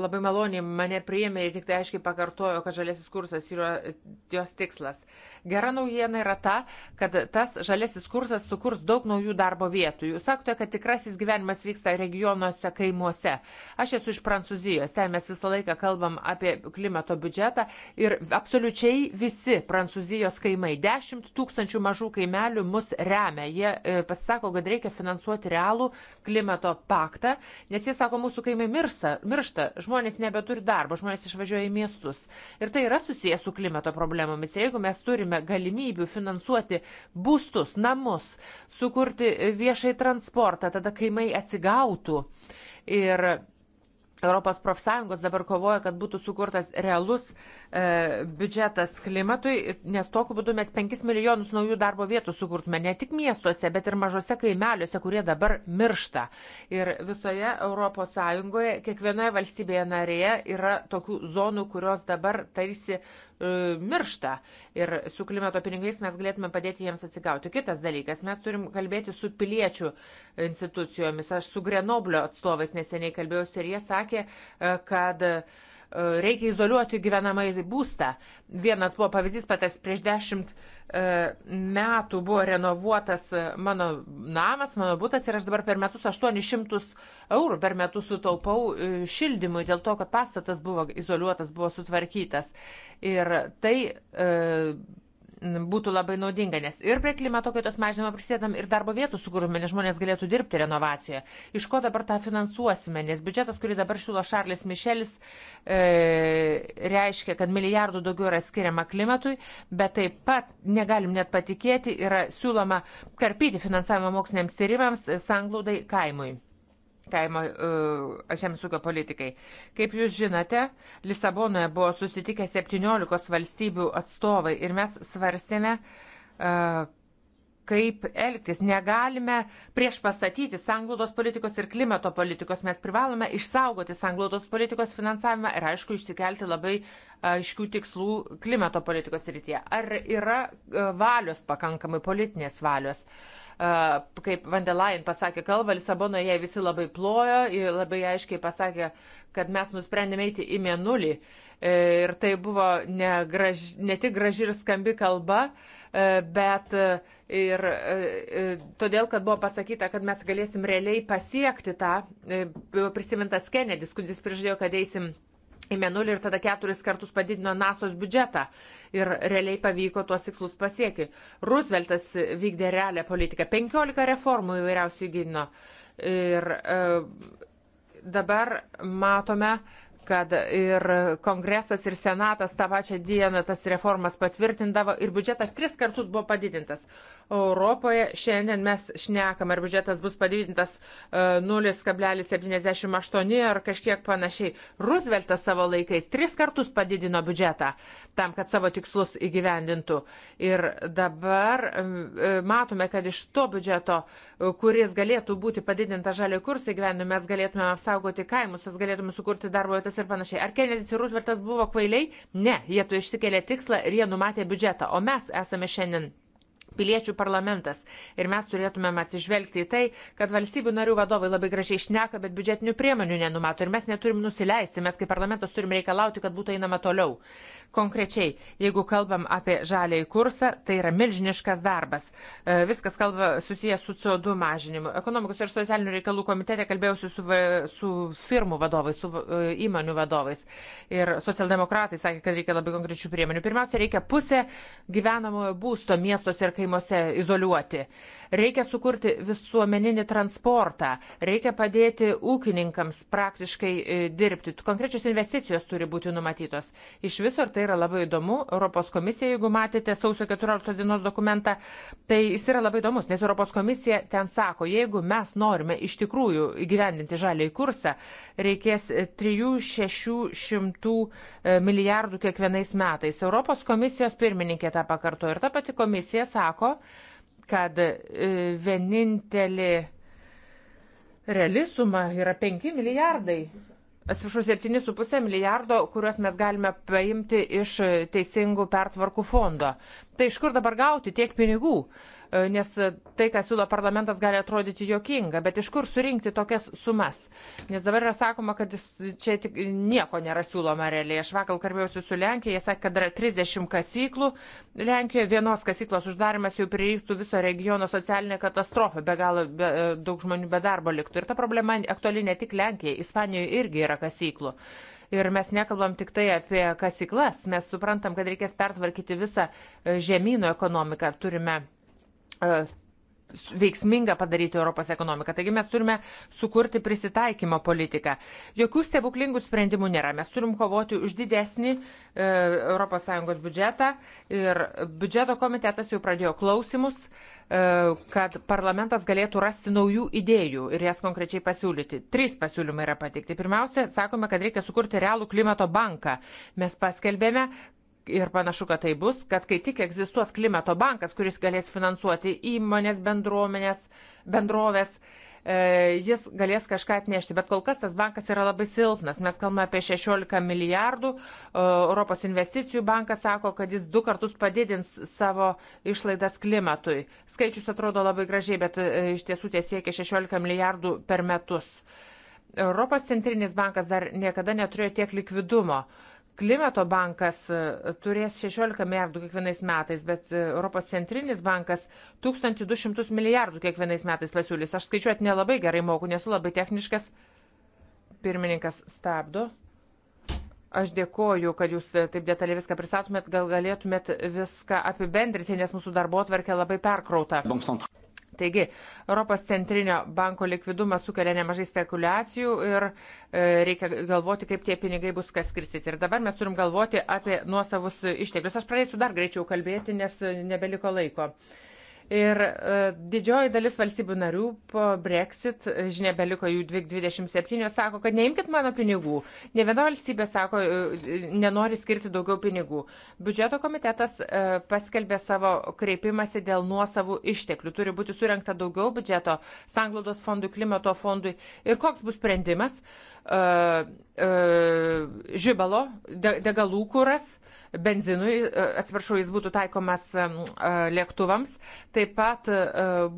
labai maloniai mane priėmė ir tik tai aiškiai pakartojo, kad žalėsis kursas yra jos tikslas. Gera naujiena yra ta, kad tas žalėsis kursas sukurs daug naujų darbo vietų. Jūs sakote, kad tikrasis gyvenimas vyksta regionuose, kaimuose. Aš esu iš Prancūzijos, ten mes visą laiką kalbam apie klimato biudžetą ir absoliučiai visi Prancūzijos kaimai, 10 tūkstančių mažų kaimelių mus remia. Jie e, pasisako, kad reikia finansuoti realų klimato paktą, nes jie sako, mūsų kaimai mirsa, miršta, žmonės nebeturi darbo, žmonės išvažiuoja į miestus. Ir tai yra susijęs su klimato problemomis. Ir jeigu mes turime galimybių finansuoti būstus, namus, sukurti viešai transportą, tada kaimai atsigautų. Ir Europos profsąjungos dabar kovoja, kad būtų sukurtas realus e, biudžetas klimatui, nes tokiu būdu mes 5 milijonus naujų darbo vietų sukurtume ne tik miestuose, bet ir mažose kaimeliuose, kurie dabar miršta. Ir visoje Europos Sąjungoje, kiekvienoje valstybėje narėje yra tokių zonų, kurios dabar tarsi E, miršta. Ir su klimato pinigais mes galėtume padėti jiems atsigauti. Kitas dalykas, mes turim kalbėti su piliečių institucijomis. Aš su Grenoblio atstovais neseniai kalbėjausi ir jie sakė, e, kad uh, E, reikia izoliuoti gyvenamąjį būstą. Vienas buvo pavyzdys, patas prieš dešimt e, metų buvo renovuotas e, mano namas, mano būtas ir aš dabar per metus 800 eurų per metus sutaupau šildymui dėl to, kad pastatas buvo izoliuotas, buvo sutvarkytas. Ir tai būtų labai naudinga, nes ir prie klimato kaitos mažinimo prisėdam, ir darbo vietų sukūrime, nes žmonės galėtų dirbti renovacijoje. Iš ko dabar tą finansuosime, nes biudžetas, kurį dabar siūlo Šarlis Mišelis, e, reiškia, kad milijardų daugiau yra skiriama klimatui, bet taip pat negalim net patikėti, yra siūloma karpyti finansavimą moksliniams tyrimams, e, sanglaudai kaimui kaimo e, žemės ūkio politikai. Kaip jūs žinote, Lisabonoje buvo susitikę 17 valstybių atstovai ir mes svarstėme, e, kaip elgtis. Negalime prieš pastatyti sanglaudos politikos ir klimato politikos. Mes privalome išsaugoti sanglaudos politikos finansavimą ir, aišku, išsikelti labai aiškių tikslų klimato politikos rytyje. Ar yra valios pakankamai, politinės valios? kaip Vandelain pasakė kalbą, Lisabonoje jai visi labai plojo, labai aiškiai pasakė, kad mes nusprendėme eiti į mėnulį. E, ir tai buvo ne, graž, ne tik graži ir skambi kalba, uh, E, bet e, ir e, todėl, kad buvo pasakyta, kad mes galėsim realiai pasiekti tą. Buvo prisimintas Kenedis, kuris prižadėjo, kad eisim į menulį ir tada keturis kartus padidino NASOS biudžetą ir realiai pavyko tuos tikslus pasiekti. Rooseveltas vykdė realią politiką, 15 reformų įvairiausių įgyvino. Ir e, dabar matome, kad ir kongresas, ir senatas tą pačią dieną tas reformas patvirtindavo ir biudžetas tris kartus buvo padidintas. Europoje šiandien mes šnekam, ar biudžetas bus padidintas 0,78 e, ar kažkiek panašiai. Rooseveltas savo laikais tris kartus padidino biudžetą tam, kad savo tikslus įgyvendintų. Ir dabar e, matome, kad iš to biudžeto, e, kuris galėtų būti padidintas žalio kursai gyvenime, mes galėtume apsaugoti kaimus, mes galėtume sukurti darbo vietas ir panašiai. Ar Kenedis ir Rooseveltas buvo kvailiai? Ne, jie tu išsikėlė tikslą ir jie numatė biudžetą, o mes esame šiandien piliečių parlamentas. Ir mes turėtumėm atsižvelgti į tai, kad valstybių narių vadovai labai gražiai šneka, bet biudžetinių priemonių nenumato. Ir mes neturim nusileisti, mes kaip parlamentas turim reikalauti, kad būtų einama toliau. Konkrečiai, jeigu kalbam apie žaliai kursą, tai yra milžiniškas darbas. E, viskas kalba susijęs su CO2 mažinimu. Ekonomikos ir socialinių reikalų komitete kalbėjausi su, su firmų vadovais, su e, įmonių vadovais. Ir socialdemokratai sakė, kad reikia labai konkrečių priemonių. Pirmiausia, reikia pusę gyvenamojo būsto miestuose ir kaimų kaimuose izoliuoti. Reikia sukurti visuomeninį transportą, reikia padėti ūkininkams praktiškai e, dirbti. Konkrečios investicijos turi būti numatytos. Iš viso, ir tai yra labai įdomu, Europos komisija, jeigu matėte sausio 14 dienos dokumentą, tai jis yra labai įdomus, nes Europos komisija ten sako, jeigu mes norime iš tikrųjų gyvendinti žaliai kursą, reikės 3-600 e, e, milijardų kiekvienais metais. Europos komisijos pirmininkė tą pakartojo ir ta pati komisija sako, sako, kad e, vienintelė reali suma yra 5 milijardai. Atsiprašau, 7,5 milijardo, kuriuos mes galime paimti iš teisingų pertvarkų fondo. Tai iš kur dabar gauti tiek pinigų? Uh, E, nes tai, ką siūlo parlamentas, gali atrodyti jokinga, bet iš kur surinkti tokias sumas? Nes dabar yra sakoma, kad čia tik nieko nėra siūloma realiai. Aš vakar kalbėjausi su Lenkija, jie sakė, kad yra 30 kasyklų Lenkijoje, vienos kasyklos uždarimas jau prireiktų viso regiono socialinė katastrofa, be galo be, e, daug žmonių be darbo liktų. Ir ta problema aktuali ne tik Lenkijai, Ispanijoje irgi yra kasyklų ir mes nekalbam tik tai apie kasyklas, mes suprantam, kad reikės pertvarkyti visą e, žemynų ekonomiką. Turime E, veiksmingą padaryti Europos ekonomiką. Taigi mes turime sukurti prisitaikymo politiką. Jokių stebuklingų sprendimų nėra. Mes turim kovoti už didesnį e, ES biudžetą ir biudžeto komitetas jau pradėjo klausimus, e, kad parlamentas galėtų rasti naujų idėjų ir jas konkrečiai pasiūlyti. Trys pasiūlymai yra pateikti. Pirmiausia, sakome, kad reikia sukurti realų klimato banką. Mes paskelbėme, ir panašu, kad tai bus, kad kai tik egzistuos klimato bankas, kuris galės finansuoti įmonės, bendruomenės, bendrovės, e, jis galės kažką atnešti. Bet kol kas tas bankas yra labai silpnas. Mes kalbame apie 16 milijardų. E, Europos investicijų bankas sako, kad jis du kartus padidins savo išlaidas klimatui. Skaičius atrodo labai gražiai, bet e, iš tiesų tie siekia 16 milijardų per metus. Europos centrinis bankas dar niekada neturėjo tiek likvidumo. Uh, Klimato bankas e, turės 16 milijardų kiekvienais metais, bet e, Europos centrinis bankas 1200 milijardų kiekvienais metais pasiūlys. Aš skaičiuoti nelabai gerai moku, nesu labai techniškas. Pirmininkas stabdo. Aš dėkoju, kad jūs e, taip detaliai viską pristatumėt, gal galėtumėt viską apibendrinti, nes mūsų darbo atverkė labai perkrauta. Taigi, Europos centrinio banko likvidumas sukelia nemažai spekulacijų ir e, reikia galvoti, kaip tie pinigai bus kas skirstyti. Ir dabar mes turim galvoti apie nuosavus išteklius. Aš pradėsiu dar greičiau kalbėti, nes e, nebeliko laiko. E, Ir e, didžioji dalis valstybių narių po Brexit, e, žinia, beliko jų 27, sako, kad neimkite mano pinigų. Ne viena valstybė sako, e, nenori skirti daugiau pinigų. Biudžeto komitetas paskelbė savo kreipimąsi dėl nuosavų išteklių. Turi būti surinkta daugiau biudžeto sanglaudos fondui, klimato fondui. Ir koks bus sprendimas? E, e, žibalo degalų kuras, benzinui, e, atsiprašau, jis būtų taikomas lėktuvams, taip pat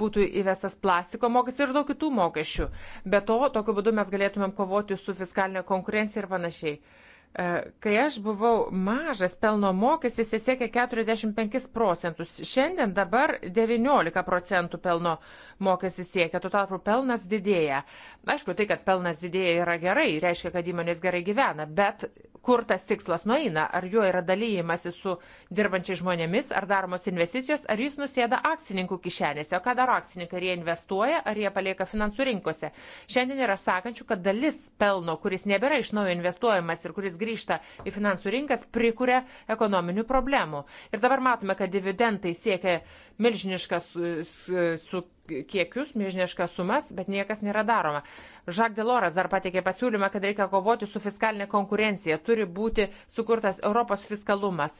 būtų įvestas plastiko mokestis ir daug kitų mokesčių. Be to, tokiu būdu mes galėtumėm kovoti su fiskalinė konkurencija ir panašiai. E, kai aš buvau mažas, pelno mokestis įsiekė 45 procentus. Šiandien dabar 19 procentų pelno mokestis siekia, tuo tarpu pelnas didėja. Aišku, tai, kad pelnas didėja yra gerai, reiškia, kad įmonės gerai gyvena, bet kur tas tikslas nueina, ar juo yra dalyjimasi su dirbančiai žmonėmis, ar daromos investicijos, ar jis nusėda akcininkų kišenėse. O ką daro akcininkai, ar jie investuoja, ar jie palieka finansų rinkose. Šiandien yra sakančių, kad dalis pelno, kuris nebėra iš naujo investuojamas ir kuris grįžta į finansų rinkas, prikuria ekonominių problemų. Ir dabar matome, kad dividendai siekia milžiniškas su. su kiekius, milžiniškas sumas, bet niekas nėra daroma. Žak Deloras dar pateikė pasiūlymą, kad reikia kovoti su fiskalinė konkurencija, turi būti sukurtas Europos fiskalumas.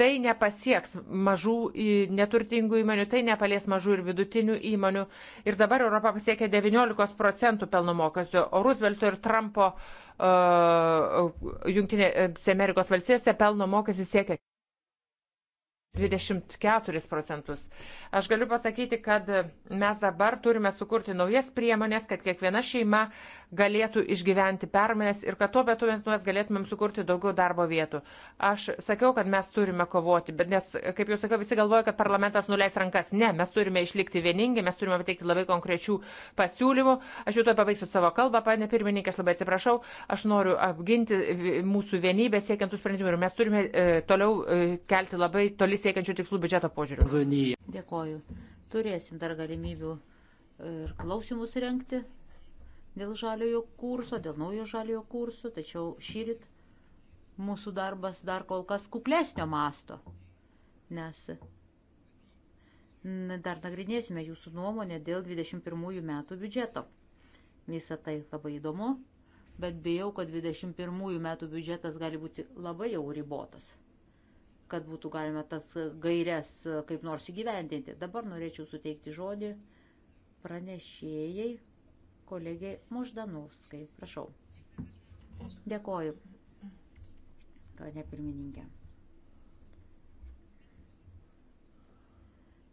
Tai nepasieks mažų neturtingų įmonių, tai nepalies mažų ir vidutinių įmonių. Ir dabar Europa pasiekė 19 procentų pelno mokesčio, o Roosevelto ir Trumpo uh, Junktinėse Amerikos valstijose pelno mokestis siekia 24 procentus. Aš galiu pasakyti, kad mes dabar turime sukurti naujas priemonės, kad kiekviena šeima galėtų išgyventi permainas ir kad tuo metu mes galėtumėm sukurti daugiau darbo vietų. Aš sakiau, kad mes turime kovoti, bet nes, kaip jau sakiau, visi galvoja, kad parlamentas nuleis rankas. Ne, mes turime išlikti vieningi, mes turime pateikti labai konkrečių pasiūlymų. Aš jau to pabaigsiu savo kalbą, pane pirmininkė, aš labai atsiprašau. Aš noriu apginti mūsų vienybę siekiantų sprendimų ir mes turime e, toliau e, kelti labai tolis siekiančių tikslų biudžeto požiūriu. Dėkoju. Turėsim dar galimybių ir klausimus renkti dėl žaliojo kurso, dėl naujo žaliojo kurso, tačiau šyrit mūsų darbas dar kol kas kuklesnio masto, nes dar nagrinėsime jūsų nuomonę dėl 21 metų biudžeto. Visa tai labai įdomu, bet bijau, kad 21 metų biudžetas gali būti labai jau ribotas kad būtų galima tas gairias kaip nors įgyvendinti. Dabar norėčiau suteikti žodį pranešėjai kolegiai Moždanovskai. Prašau. Dėkoju, pane pirmininkė.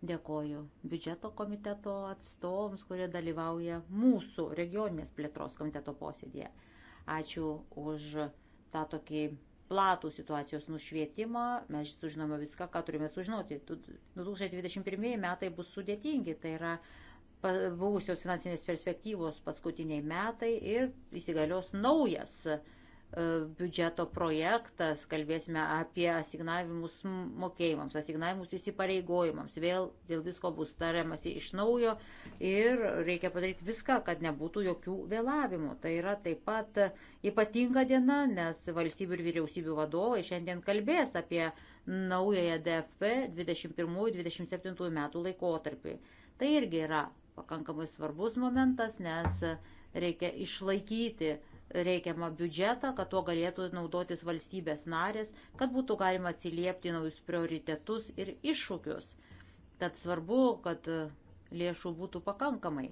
Dėkoju biudžeto komiteto atstovams, kurie dalyvauja mūsų regioninės plėtros komiteto posėdėje. Ačiū už tą tokį platų situacijos nušvietimą, mes sužinome viską, ką turime sužinoti. 2021 metai bus sudėtingi, tai yra buvusios finansinės perspektyvos paskutiniai metai ir įsigalios naujas uh, biudžeto projektas, kalbėsime apie asignavimus mokėjimams, asignavimus įsipareigojimams. Vėl dėl visko bus tariamasi iš naujo ir reikia padaryti viską, kad nebūtų jokių vėlavimų. Tai yra taip pat ypatinga diena, nes valstybių ir vyriausybių vadovai šiandien kalbės apie naująją DFP 21-27 metų laikotarpį. Tai irgi yra pakankamai svarbus momentas, nes reikia išlaikyti reikiamą biudžetą, kad tuo galėtų naudotis valstybės narės, kad būtų galima atsiliepti naujus prioritetus ir iššūkius. Tad svarbu, kad lėšų būtų pakankamai.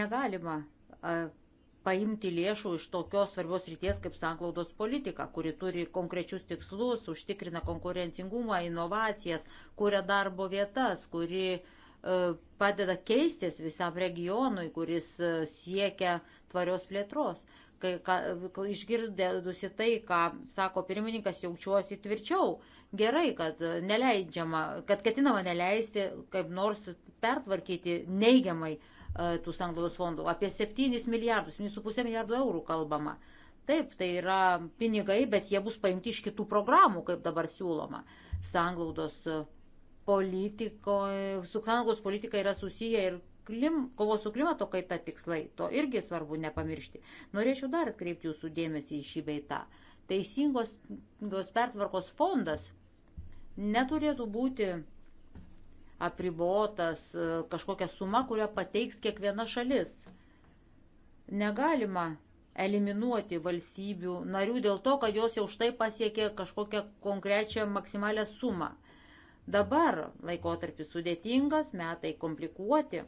Negalima paimti lėšų iš tokios svarbios ryties kaip sanklaudos politika, kuri turi konkrečius tikslus, užtikrina konkurencingumą, inovacijas, kuria darbo vietas, kuri uh, E, padeda keistis visam regionui, kuris e, siekia tvarios plėtros. Kai ka, išgirdusi tai, ką sako pirmininkas, jaučiuosi tvirčiau. Gerai, kad neleidžiama, kad ketinama neleisti kaip nors pertvarkyti neigiamai e, tų sanglaudos fondų. Apie 7 milijardus, 7,5 milijardų eurų kalbama. Taip, tai yra pinigai, bet jie bus paimti iš kitų programų, kaip dabar siūloma. Sanglaudos politikoje, su Hangos politika yra susiję ir klim, kovos su klimato kaita tikslai. To irgi svarbu nepamiršti. Norėčiau dar atkreipti jūsų dėmesį į šį beitą. Teisingos pertvarkos fondas neturėtų būti apribotas e, kažkokia suma, kurią pateiks kiekviena šalis. Negalima eliminuoti valstybių narių dėl to, kad jos jau štai pasiekė kažkokią konkrečią maksimalę sumą. Dabar laikotarpis sudėtingas, metai komplikuoti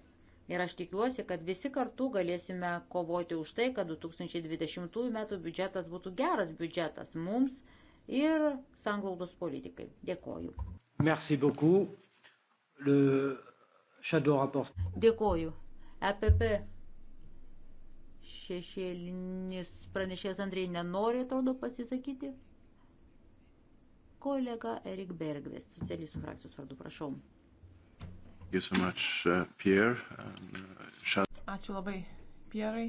ir aš tikiuosi, kad visi kartu galėsime kovoti už tai, kad 2020 metų biudžetas būtų geras biudžetas mums ir sanglaudos politikai. Dėkoju. Merci beaucoup. Le shadow rapport. Dėkoju. EPP šešėlinis pranešėjas Andrei nenori, atrodo, pasisakyti. Kolega Erik Bergvis, socialistų frakcijos vardu, prašau. So much, uh, Pierre. Um, uh, shall... Ačiū labai, Pierai.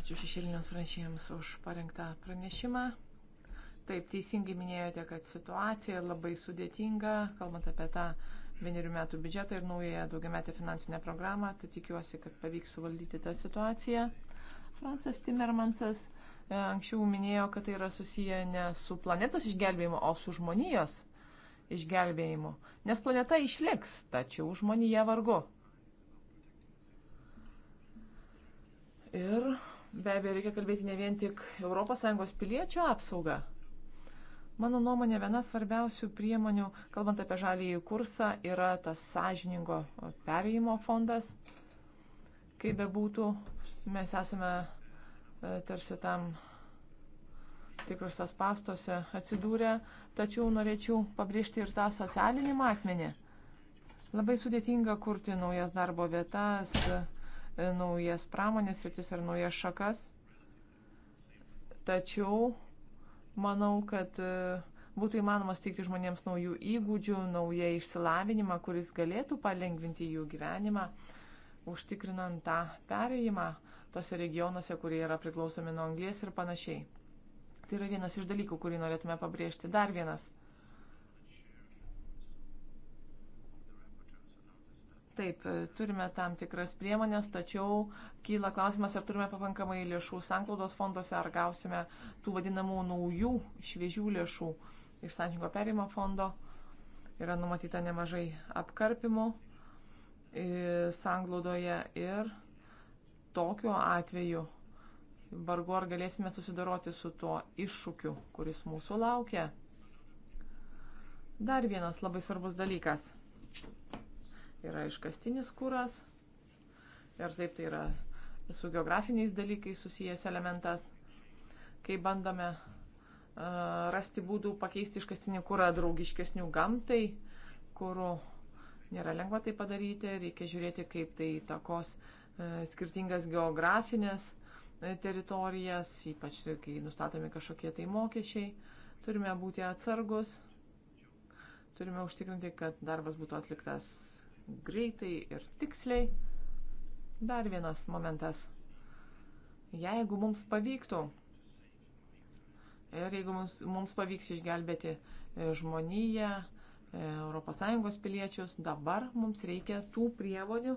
Ačiū šešėlinės pranešėjams už parengtą pranešimą. Taip, teisingai minėjote, kad situacija labai sudėtinga, kalbant apie tą vienerių metų biudžetą ir naują daugiametę finansinę programą, tai tikiuosi, kad pavyks suvaldyti tą situaciją. Francas Timmermansas E, anksčiau minėjo, kad tai yra susiję ne su planetos išgelbėjimu, o su žmonijos išgelbėjimu. Nes planeta išliks, tačiau žmonija vargu. Ir be abejo reikia kalbėti ne vien tik ES piliečių apsaugą. Mano nuomonė, viena svarbiausių priemonių, kalbant apie žalįjį kursą, yra tas sąžiningo perėjimo fondas. Kaip bebūtų, mes esame E, tarsi tam tikrose pastose atsidūrė, tačiau norėčiau pabrėžti ir tą socialinį matmenį. Labai sudėtinga kurti naujas darbo vietas, e, naujas pramonės rytis ar naujas šakas. Tačiau manau, kad e, būtų įmanoma steigti žmonėms naujų įgūdžių, naują išsilavinimą, kuris galėtų palengvinti jų gyvenimą, užtikrinant tą perėjimą tose regionuose, kurie yra priklausomi nuo anglies ir panašiai. Tai yra vienas iš dalykų, kurį norėtume pabrėžti. Dar vienas. Taip, turime tam tikras priemonės, tačiau kyla klausimas, ar turime pakankamai lėšų sanklaudos fonduose, ar gausime tų vadinamų naujų, šviežių lėšų iš Sančingo perimo fondo. Yra numatyta nemažai apkarpimų e, sanglaudoje ir tokiu atveju vargu ar galėsime susidoroti su tuo iššūkiu, kuris mūsų laukia. Dar vienas labai svarbus dalykas yra iškastinis kūras ir taip tai yra su geografiniais dalykais susijęs elementas, kai bandome uh, rasti būdų pakeisti iškastinį kūrą draugiškesnių gamtai, kurų nėra lengva tai padaryti, reikia žiūrėti, kaip tai įtakos uh, E, skirtingas geografinės e, teritorijas, ypač kai nustatomi kažkokie tai mokesčiai. Turime būti atsargus, turime užtikrinti, kad darbas būtų atliktas greitai ir tiksliai. Dar vienas momentas. Jeigu mums pavyktų ir jeigu mums, mums pavyks išgelbėti e, žmoniją, ES piliečius, dabar mums reikia tų prievonių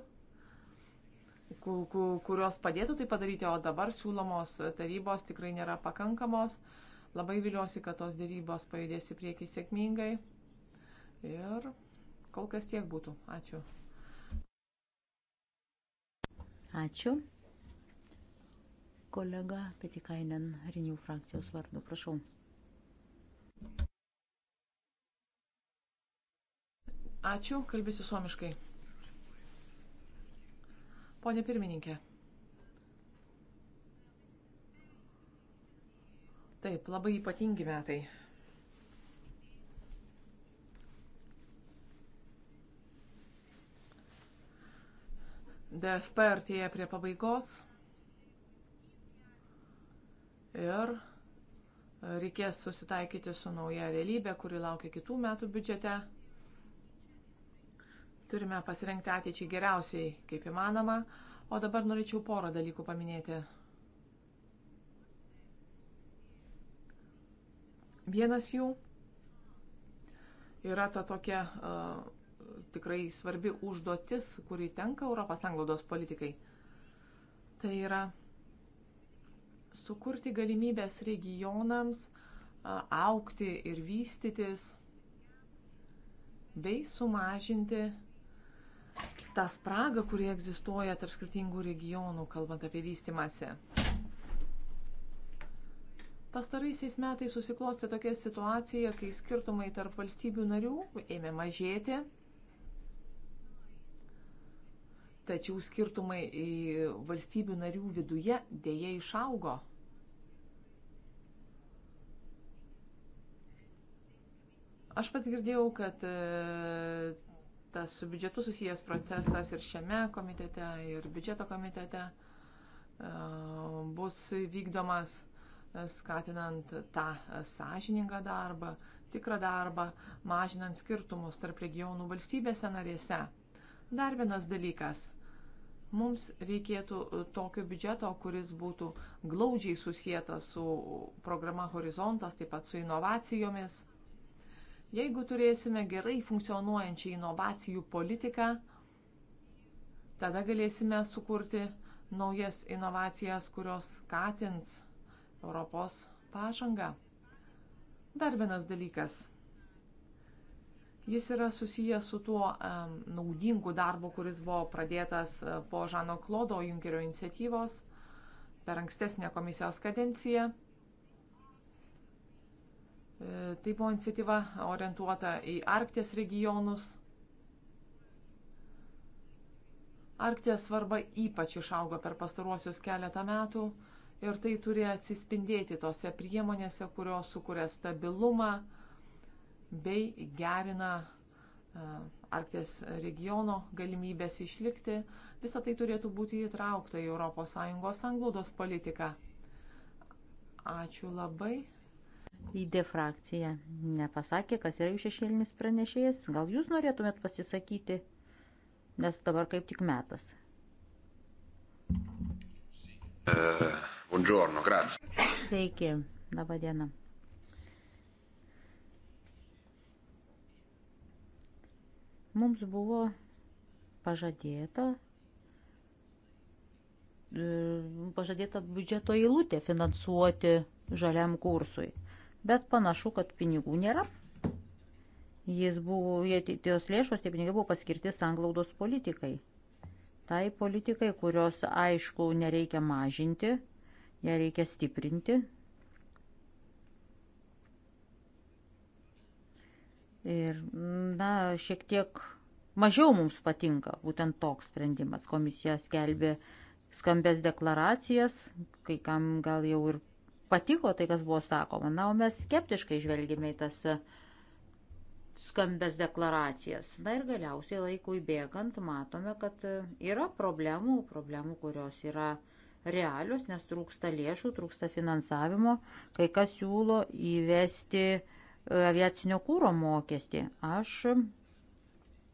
kurios padėtų tai padaryti, o dabar siūlomos tarybos tikrai nėra pakankamos. Labai viliuosi, kad tos dėrybos pajudės į priekį sėkmingai. Ir kol kas tiek būtų. Ačiū. Ačiū. Kolega Petikainen, Rinių frakcijos vardu, prašau. Ačiū, kalbėsiu suomiškai. Pone pirmininkė. Taip, labai ypatingi metai. DFP artėja prie pabaigos ir reikės susitaikyti su nauja realybė, kuri laukia kitų metų biudžete. Turime pasirengti ateičiai geriausiai, kaip įmanoma. O dabar norėčiau porą dalykų paminėti. Vienas jų yra ta tokia uh, tikrai svarbi užduotis, kuri tenka Europos anglodos politikai. Tai yra sukurti galimybės regionams uh, aukti ir vystytis bei sumažinti tą spragą, kurie egzistuoja tarp skirtingų regionų, kalbant apie vystimąsi. Pastaraisiais metais susiklosti tokia situacija, kai skirtumai tarp valstybių narių ėmė mažėti, tačiau skirtumai valstybių narių viduje dėja išaugo. Aš pats girdėjau, kad tas su biudžetu susijęs procesas ir šiame komitete, ir biudžeto komitete e, bus vykdomas e, skatinant tą sąžiningą darbą, tikrą darbą, mažinant skirtumus tarp regionų valstybėse narėse. Dar vienas dalykas. Mums reikėtų tokio biudžeto, kuris būtų glaudžiai susijęta su programa Horizontas, taip pat su inovacijomis. Jeigu turėsime gerai funkcionuojančią inovacijų politiką, tada galėsime sukurti naujas inovacijas, kurios skatins Europos pažangą. Dar vienas dalykas. Jis yra susijęs su tuo um, naudingu darbu, kuris buvo pradėtas e, po Žano Klodo Junkerio iniciatyvos per ankstesnę komisijos kadenciją. E, tai buvo iniciatyva orientuota į Arkties regionus. Arkties svarba ypač išaugo per pastaruosius keletą metų ir tai turi atsispindėti tose priemonėse, kurios sukuria stabilumą bei gerina e, Arkties regiono galimybės išlikti. Visą tai turėtų būti įtraukta į ES sanglaudos politiką. Ačiū labai. Lydė frakcija nepasakė, kas yra jų šešėlinis pranešėjas. Gal jūs norėtumėt pasisakyti, nes dabar kaip tik metas. Uh, buongiorno, grazie. Sveiki, laba diena. Mums buvo pažadėta e, pažadėta biudžeto eilutė finansuoti žaliam kursui bet panašu, kad pinigų nėra. Jis buvo, jos lėšos, tie pinigai buvo paskirti sanglaudos politikai. Tai politikai, kurios aišku nereikia mažinti, ją reikia stiprinti. Ir, na, šiek tiek mažiau mums patinka būtent toks sprendimas. Komisija skelbė skambės deklaracijas, kai kam gal jau ir patiko tai, kas buvo sakoma. Na, o mes skeptiškai žvelgime į tas skambės deklaracijas. Na ir galiausiai laikui bėgant matome, kad yra problemų, problemų, kurios yra realios, nes trūksta lėšų, trūksta finansavimo, kai kas siūlo įvesti e, aviacinio kūro mokestį. Aš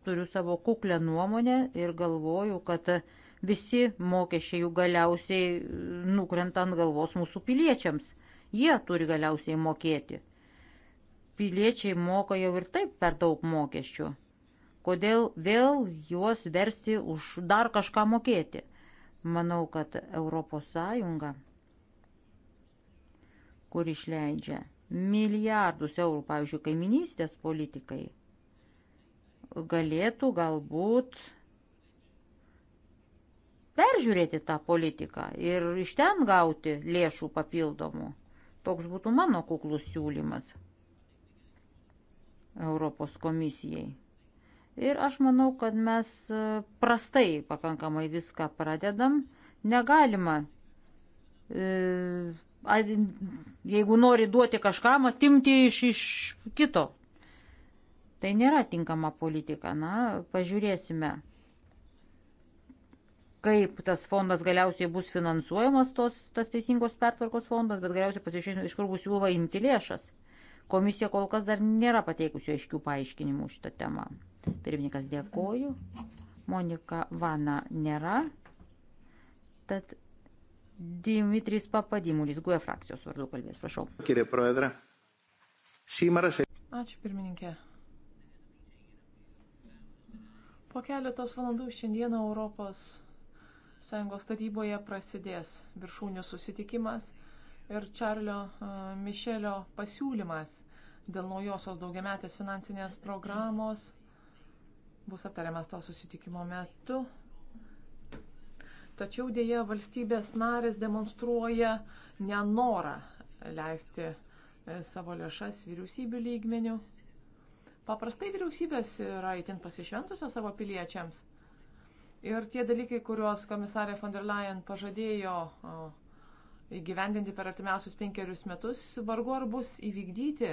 turiu savo kuklę nuomonę ir galvoju, kad Visi mokesčiai jų galiausiai e, nukrenta ant galvos mūsų piliečiams. Jie turi galiausiai mokėti. Piliečiai moka jau ir taip per daug mokesčių. Kodėl vėl juos versti už dar kažką mokėti? Manau, kad ES, kur išleidžia milijardus eurų, pavyzdžiui, kaiminystės politikai, galėtų galbūt peržiūrėti tą politiką ir iš ten gauti lėšų papildomų. Toks būtų mano kuklus siūlymas Europos komisijai. Ir aš manau, kad mes e, prastai pakankamai viską pradedam. Negalima, e, jeigu nori duoti kažkam, atimti iš, iš kito. Tai nėra tinkama politika. Na, pažiūrėsime kaip tas fondas galiausiai bus finansuojamas, tos, tas teisingos pertvarkos fondas, bet galiausiai pasiaiškinsime, iš kur bus siūloma imti lėšas. Komisija kol kas dar nėra pateikusi aiškių paaiškinimų šitą temą. Pirmininkas dėkoju. Monika Vana nėra. Tad Dimitris Papadimulis, GUE frakcijos vardu kalbės, prašau. Ačiū pirmininkė. Po keletos valandų šiandieną Europos Sąjungos taryboje prasidės viršūnių susitikimas ir Čarlio e, Mišelio pasiūlymas dėl naujosios daugiametės finansinės programos bus aptariamas to susitikimo metu. Tačiau dėja valstybės narės demonstruoja nenorą leisti e, savo lėšas vyriausybių lygmenių. Paprastai vyriausybės yra įtin pasišventusios savo piliečiams. Ir tie dalykai, kuriuos komisarė von der Leyen pažadėjo įgyvendinti per artimiausius penkerius metus, vargu ar bus įvykdyti.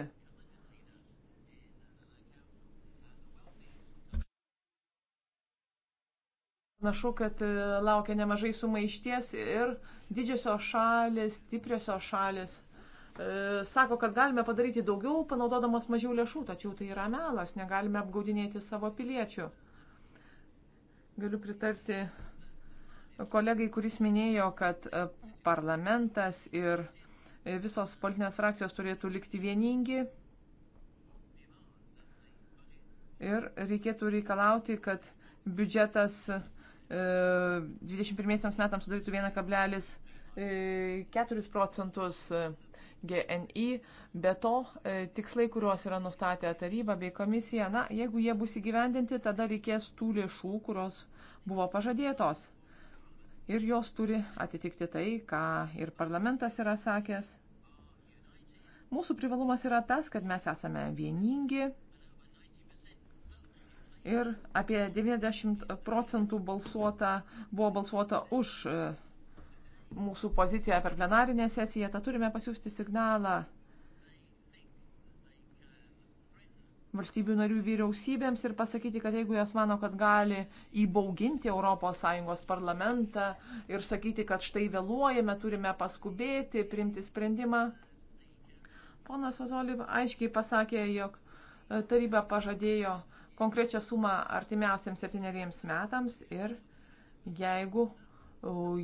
Panašu, kad e, laukia nemažai sumaišties ir didžiosios šalis, stipriosios šalis e, sako, kad galime padaryti daugiau, panaudodamas mažiau lėšų, tačiau tai yra melas, negalime apgaudinėti savo piliečių. Galiu pritarti kolegai, kuris minėjo, kad e, parlamentas ir e, visos politinės frakcijos turėtų likti vieningi ir reikėtų reikalauti, kad biudžetas 21 e, metams sudarytų 1,4 procentus GNI, be to e, tikslai, kuriuos yra nustatę taryba bei komisija, na, jeigu jie bus įgyvendinti, tada reikės tų lėšų, kurios buvo pažadėtos. Ir jos turi atitikti tai, ką ir parlamentas yra sakęs. Mūsų privalumas yra tas, kad mes esame vieningi ir apie 90 procentų balsuota, buvo balsuota už e, mūsų poziciją per plenarinę sesiją, tad turime pasiūsti signalą valstybių narių vyriausybėms ir pasakyti, kad jeigu jos mano, kad gali įbauginti ES parlamentą ir sakyti, kad štai vėluojame, turime paskubėti, priimti sprendimą. Ponas Ozoli aiškiai pasakė, jog e, taryba pažadėjo konkrečią sumą artimiausiams septyneriems metams ir jeigu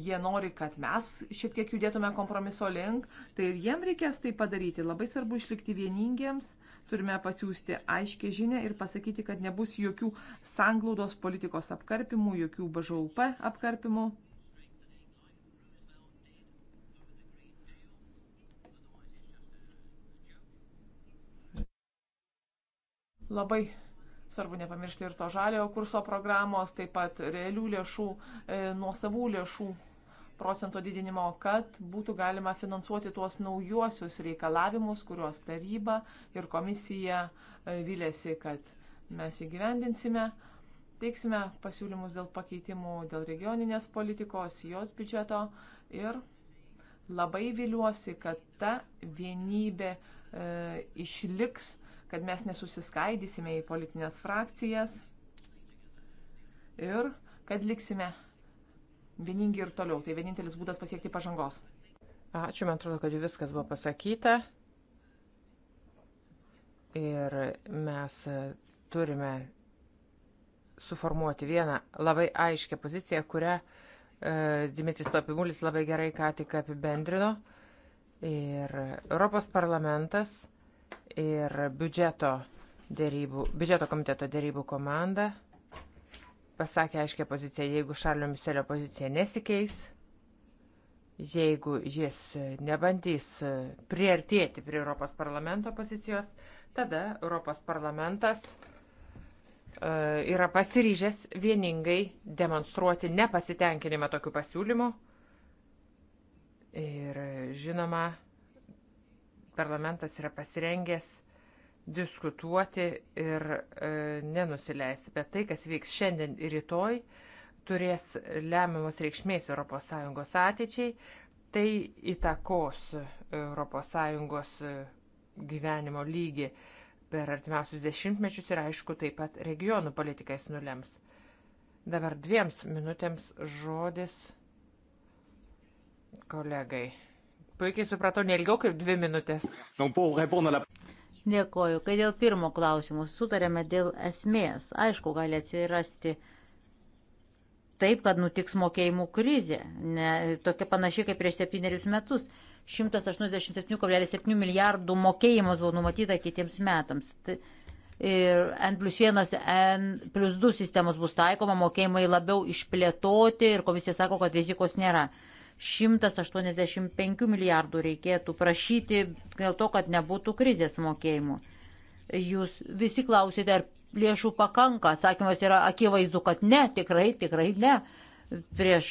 jie nori, kad mes šiek tiek judėtume kompromiso link, tai ir jiem reikės tai padaryti. Labai svarbu išlikti vieningiems, turime pasiūsti aiškę žinę ir pasakyti, kad nebus jokių sanglaudos politikos apkarpimų, jokių BŽUP apkarpimų. Labai Svarbu nepamiršti ir to žaliojo kurso programos, taip pat realių lėšų, e, nuosavų lėšų procento didinimo, kad būtų galima finansuoti tuos naujuosius reikalavimus, kuriuos taryba ir komisija e, vilėsi, kad mes įgyvendinsime. Teiksime pasiūlymus dėl pakeitimų, dėl regioninės politikos, jos biudžeto ir labai viliuosi, kad ta vienybė e, išliks kad mes nesusiskaidysime į politinės frakcijas ir kad liksime vieningi ir toliau. Tai vienintelis būdas pasiekti pažangos. Ačiū, man atrodo, kad viskas buvo pasakyta. Ir mes turime suformuoti vieną labai aiškę poziciją, kurią e, Dimitris Papimulis labai gerai ką tik apibendrino. Ir Europos parlamentas ir biudžeto, dėrybų, biudžeto komiteto dėrybų komanda pasakė aiškę poziciją, jeigu Šarlio Miselio pozicija nesikeis, jeigu jis nebandys priartėti prie Europos parlamento pozicijos, tada Europos parlamentas e, yra pasiryžęs vieningai demonstruoti nepasitenkinimą tokiu pasiūlymu. Ir žinoma, parlamentas yra pasirengęs diskutuoti ir e, nenusileisti. Bet tai, kas vyks šiandien ir rytoj, turės lemiamos reikšmės ES ateičiai, tai įtakos ES e, gyvenimo lygį per artimiausius dešimtmečius ir aišku taip pat regionų politikais nulems. Dabar dviems minutėms žodis kolegai. Puikiai supratau, nelgiau kaip dvi minutės. Dėkoju, kai dėl pirmo klausimo sutarėme dėl esmės. Aišku, gali atsirasti taip, kad nutiks mokėjimų krizė, ne, tokia panaši kaip prieš septynerius metus. 187,7 milijardų mokėjimas buvo numatyta kitiems metams. Tai, ir N plus 1, N plus 2 sistemos bus taikoma, mokėjimai labiau išplėtoti ir komisija sako, kad rizikos nėra. 185 milijardų reikėtų prašyti dėl to, kad nebūtų krizės mokėjimų. Jūs visi klausite, ar lėšų pakanka. Atsakymas yra akivaizdu, kad ne, tikrai, tikrai ne. Prieš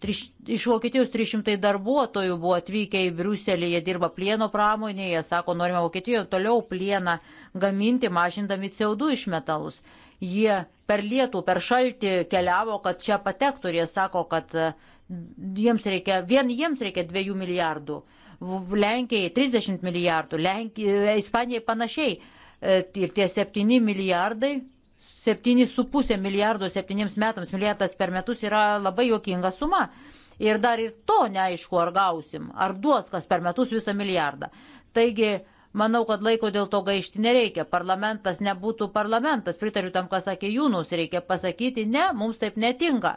triš, iš Vokietijos 300 darbuotojų buvo atvykę į Briuselį, jie dirba plieno pramonėje, sako, norime Vokietijoje toliau plieną gaminti, mažindami CO2 išmetalus. Jie per lietų, per šaltį keliavo, kad čia patektų ir jie sako, kad uh, jiems reikia, vien jiems reikia 2 milijardų, Lenkijai 30 milijardų, Lenkijai, Ispanijai panašiai. E, ir tie 7 milijardai, 7,5 milijardo 7 metams, milijardas per metus yra labai jokinga suma. Ir dar ir to neaišku, ar gausim, ar duos kas per metus visą milijardą. Taigi Manau, kad laiko dėl to gaišti nereikia. Parlamentas nebūtų parlamentas. Pritariu tam, ką sakė Jūnus. Reikia pasakyti, ne, mums taip netinka.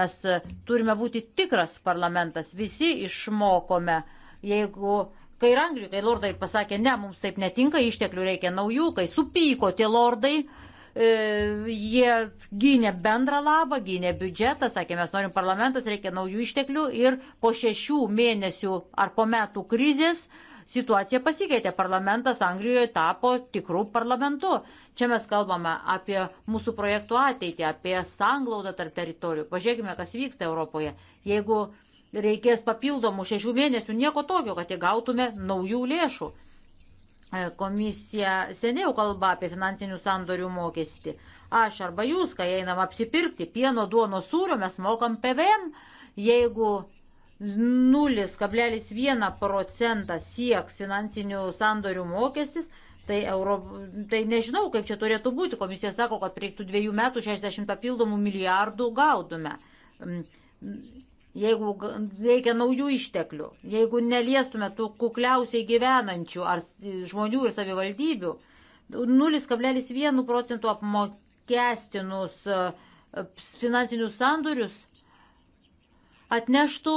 Mes e, turime būti tikras parlamentas. Visi išmokome. Jeigu kai Anglijoje, kai lordai pasakė, ne, mums taip netinka, išteklių reikia naujų, kai supyko tie lordai, e, jie gynė bendrą labą, gynė biudžetą, sakė, mes norim parlamentas, reikia naujų išteklių ir po šešių mėnesių ar po metų krizės situacija pasikeitė. Parlamentas Anglijoje tapo tikrų parlamentu. Čia mes kalbame apie mūsų projektų ateitį, apie sanglaudą tarp teritorijų. Pažiūrėkime, kas vyksta Europoje. Jeigu reikės papildomų šešių mėnesių, nieko tokio, kad įgautume naujų lėšų. E, komisija seniau kalba apie finansinių sandorių mokestį. Aš arba jūs, kai einam apsipirkti pieno duono sūrio, mes mokam PVM. Jeigu 0,1 procentą sieks finansinių sandorių mokestis, tai, euro, tai nežinau, kaip čia turėtų būti. Komisija sako, kad reiktų dviejų metų 60 papildomų milijardų gautume. Mm, jeigu reikia naujų išteklių, jeigu neliestume tų kukliausiai gyvenančių ar žmonių ir savivaldybių, 0,1 procentų apmokestinus e, finansinius sandorius atneštų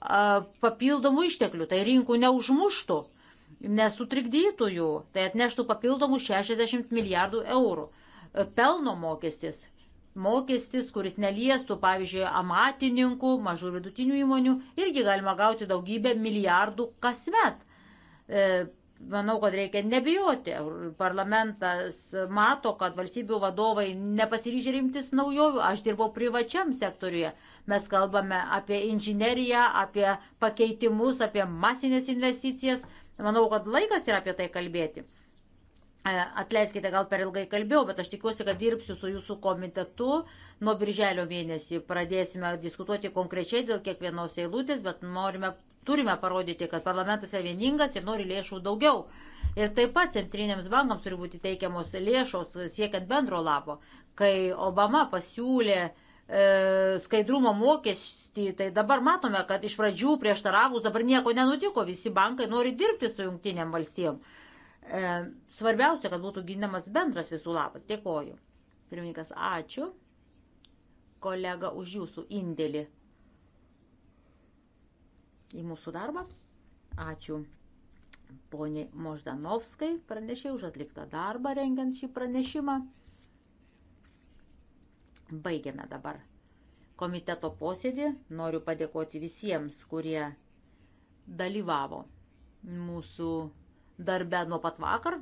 papildomų išteklių, tai rinkų neužmuštų, nesutrikdytų jų, tai atneštų papildomų 60 milijardų eurų. Pelno mokestis, mokestis, kuris neliestų, pavyzdžiui, amatininkų, mažų vidutinių įmonių, irgi galima gauti daugybę milijardų kasmet. E, manau, kad reikia nebijoti. Parlamentas mato, kad valstybių vadovai nepasiryžė rimtis naujovių. Aš dirbau privačiam sektoriuje. Mes kalbame apie inžineriją, apie pakeitimus, apie masinės investicijas. Manau, kad laikas yra apie tai kalbėti. E, atleiskite, gal per ilgai kalbėjau, bet aš tikiuosi, kad dirbsiu su jūsų komitetu. Nuo birželio mėnesį pradėsime diskutuoti konkrečiai dėl kiekvienos eilutės, bet norime turime parodyti, kad parlamentas yra vieningas ir nori lėšų daugiau. Ir taip pat centriniams bankams turi būti teikiamos lėšos siekiant bendro lapo. Kai Obama pasiūlė e, skaidrumo mokestį, tai dabar matome, kad iš pradžių prieštaravus dabar nieko nenutiko, visi bankai nori dirbti su jungtiniam valstijom. E, svarbiausia, kad būtų ginamas bendras visų lapas. Dėkoju. Pirmininkas, ačiū. Kolega, už jūsų indėlį į mūsų darbą. Ačiū poniai Moždanovskai pranešė už atliktą darbą rengiant šį pranešimą. Baigiame dabar komiteto posėdį. Noriu padėkoti visiems, kurie dalyvavo mūsų darbe nuo pat vakar.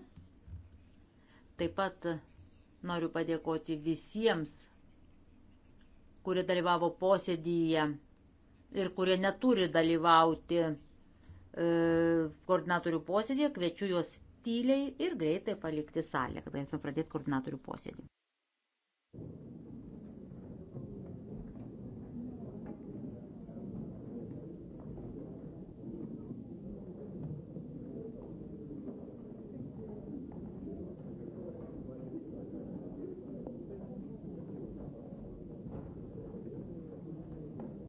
Taip pat noriu padėkoti visiems, kurie dalyvavo posėdyje ir kurie neturi dalyvauti e, koordinatorių posėdėje, kviečiu juos tyliai ir greitai palikti salę, kad galėtume pradėti koordinatorių posėdį.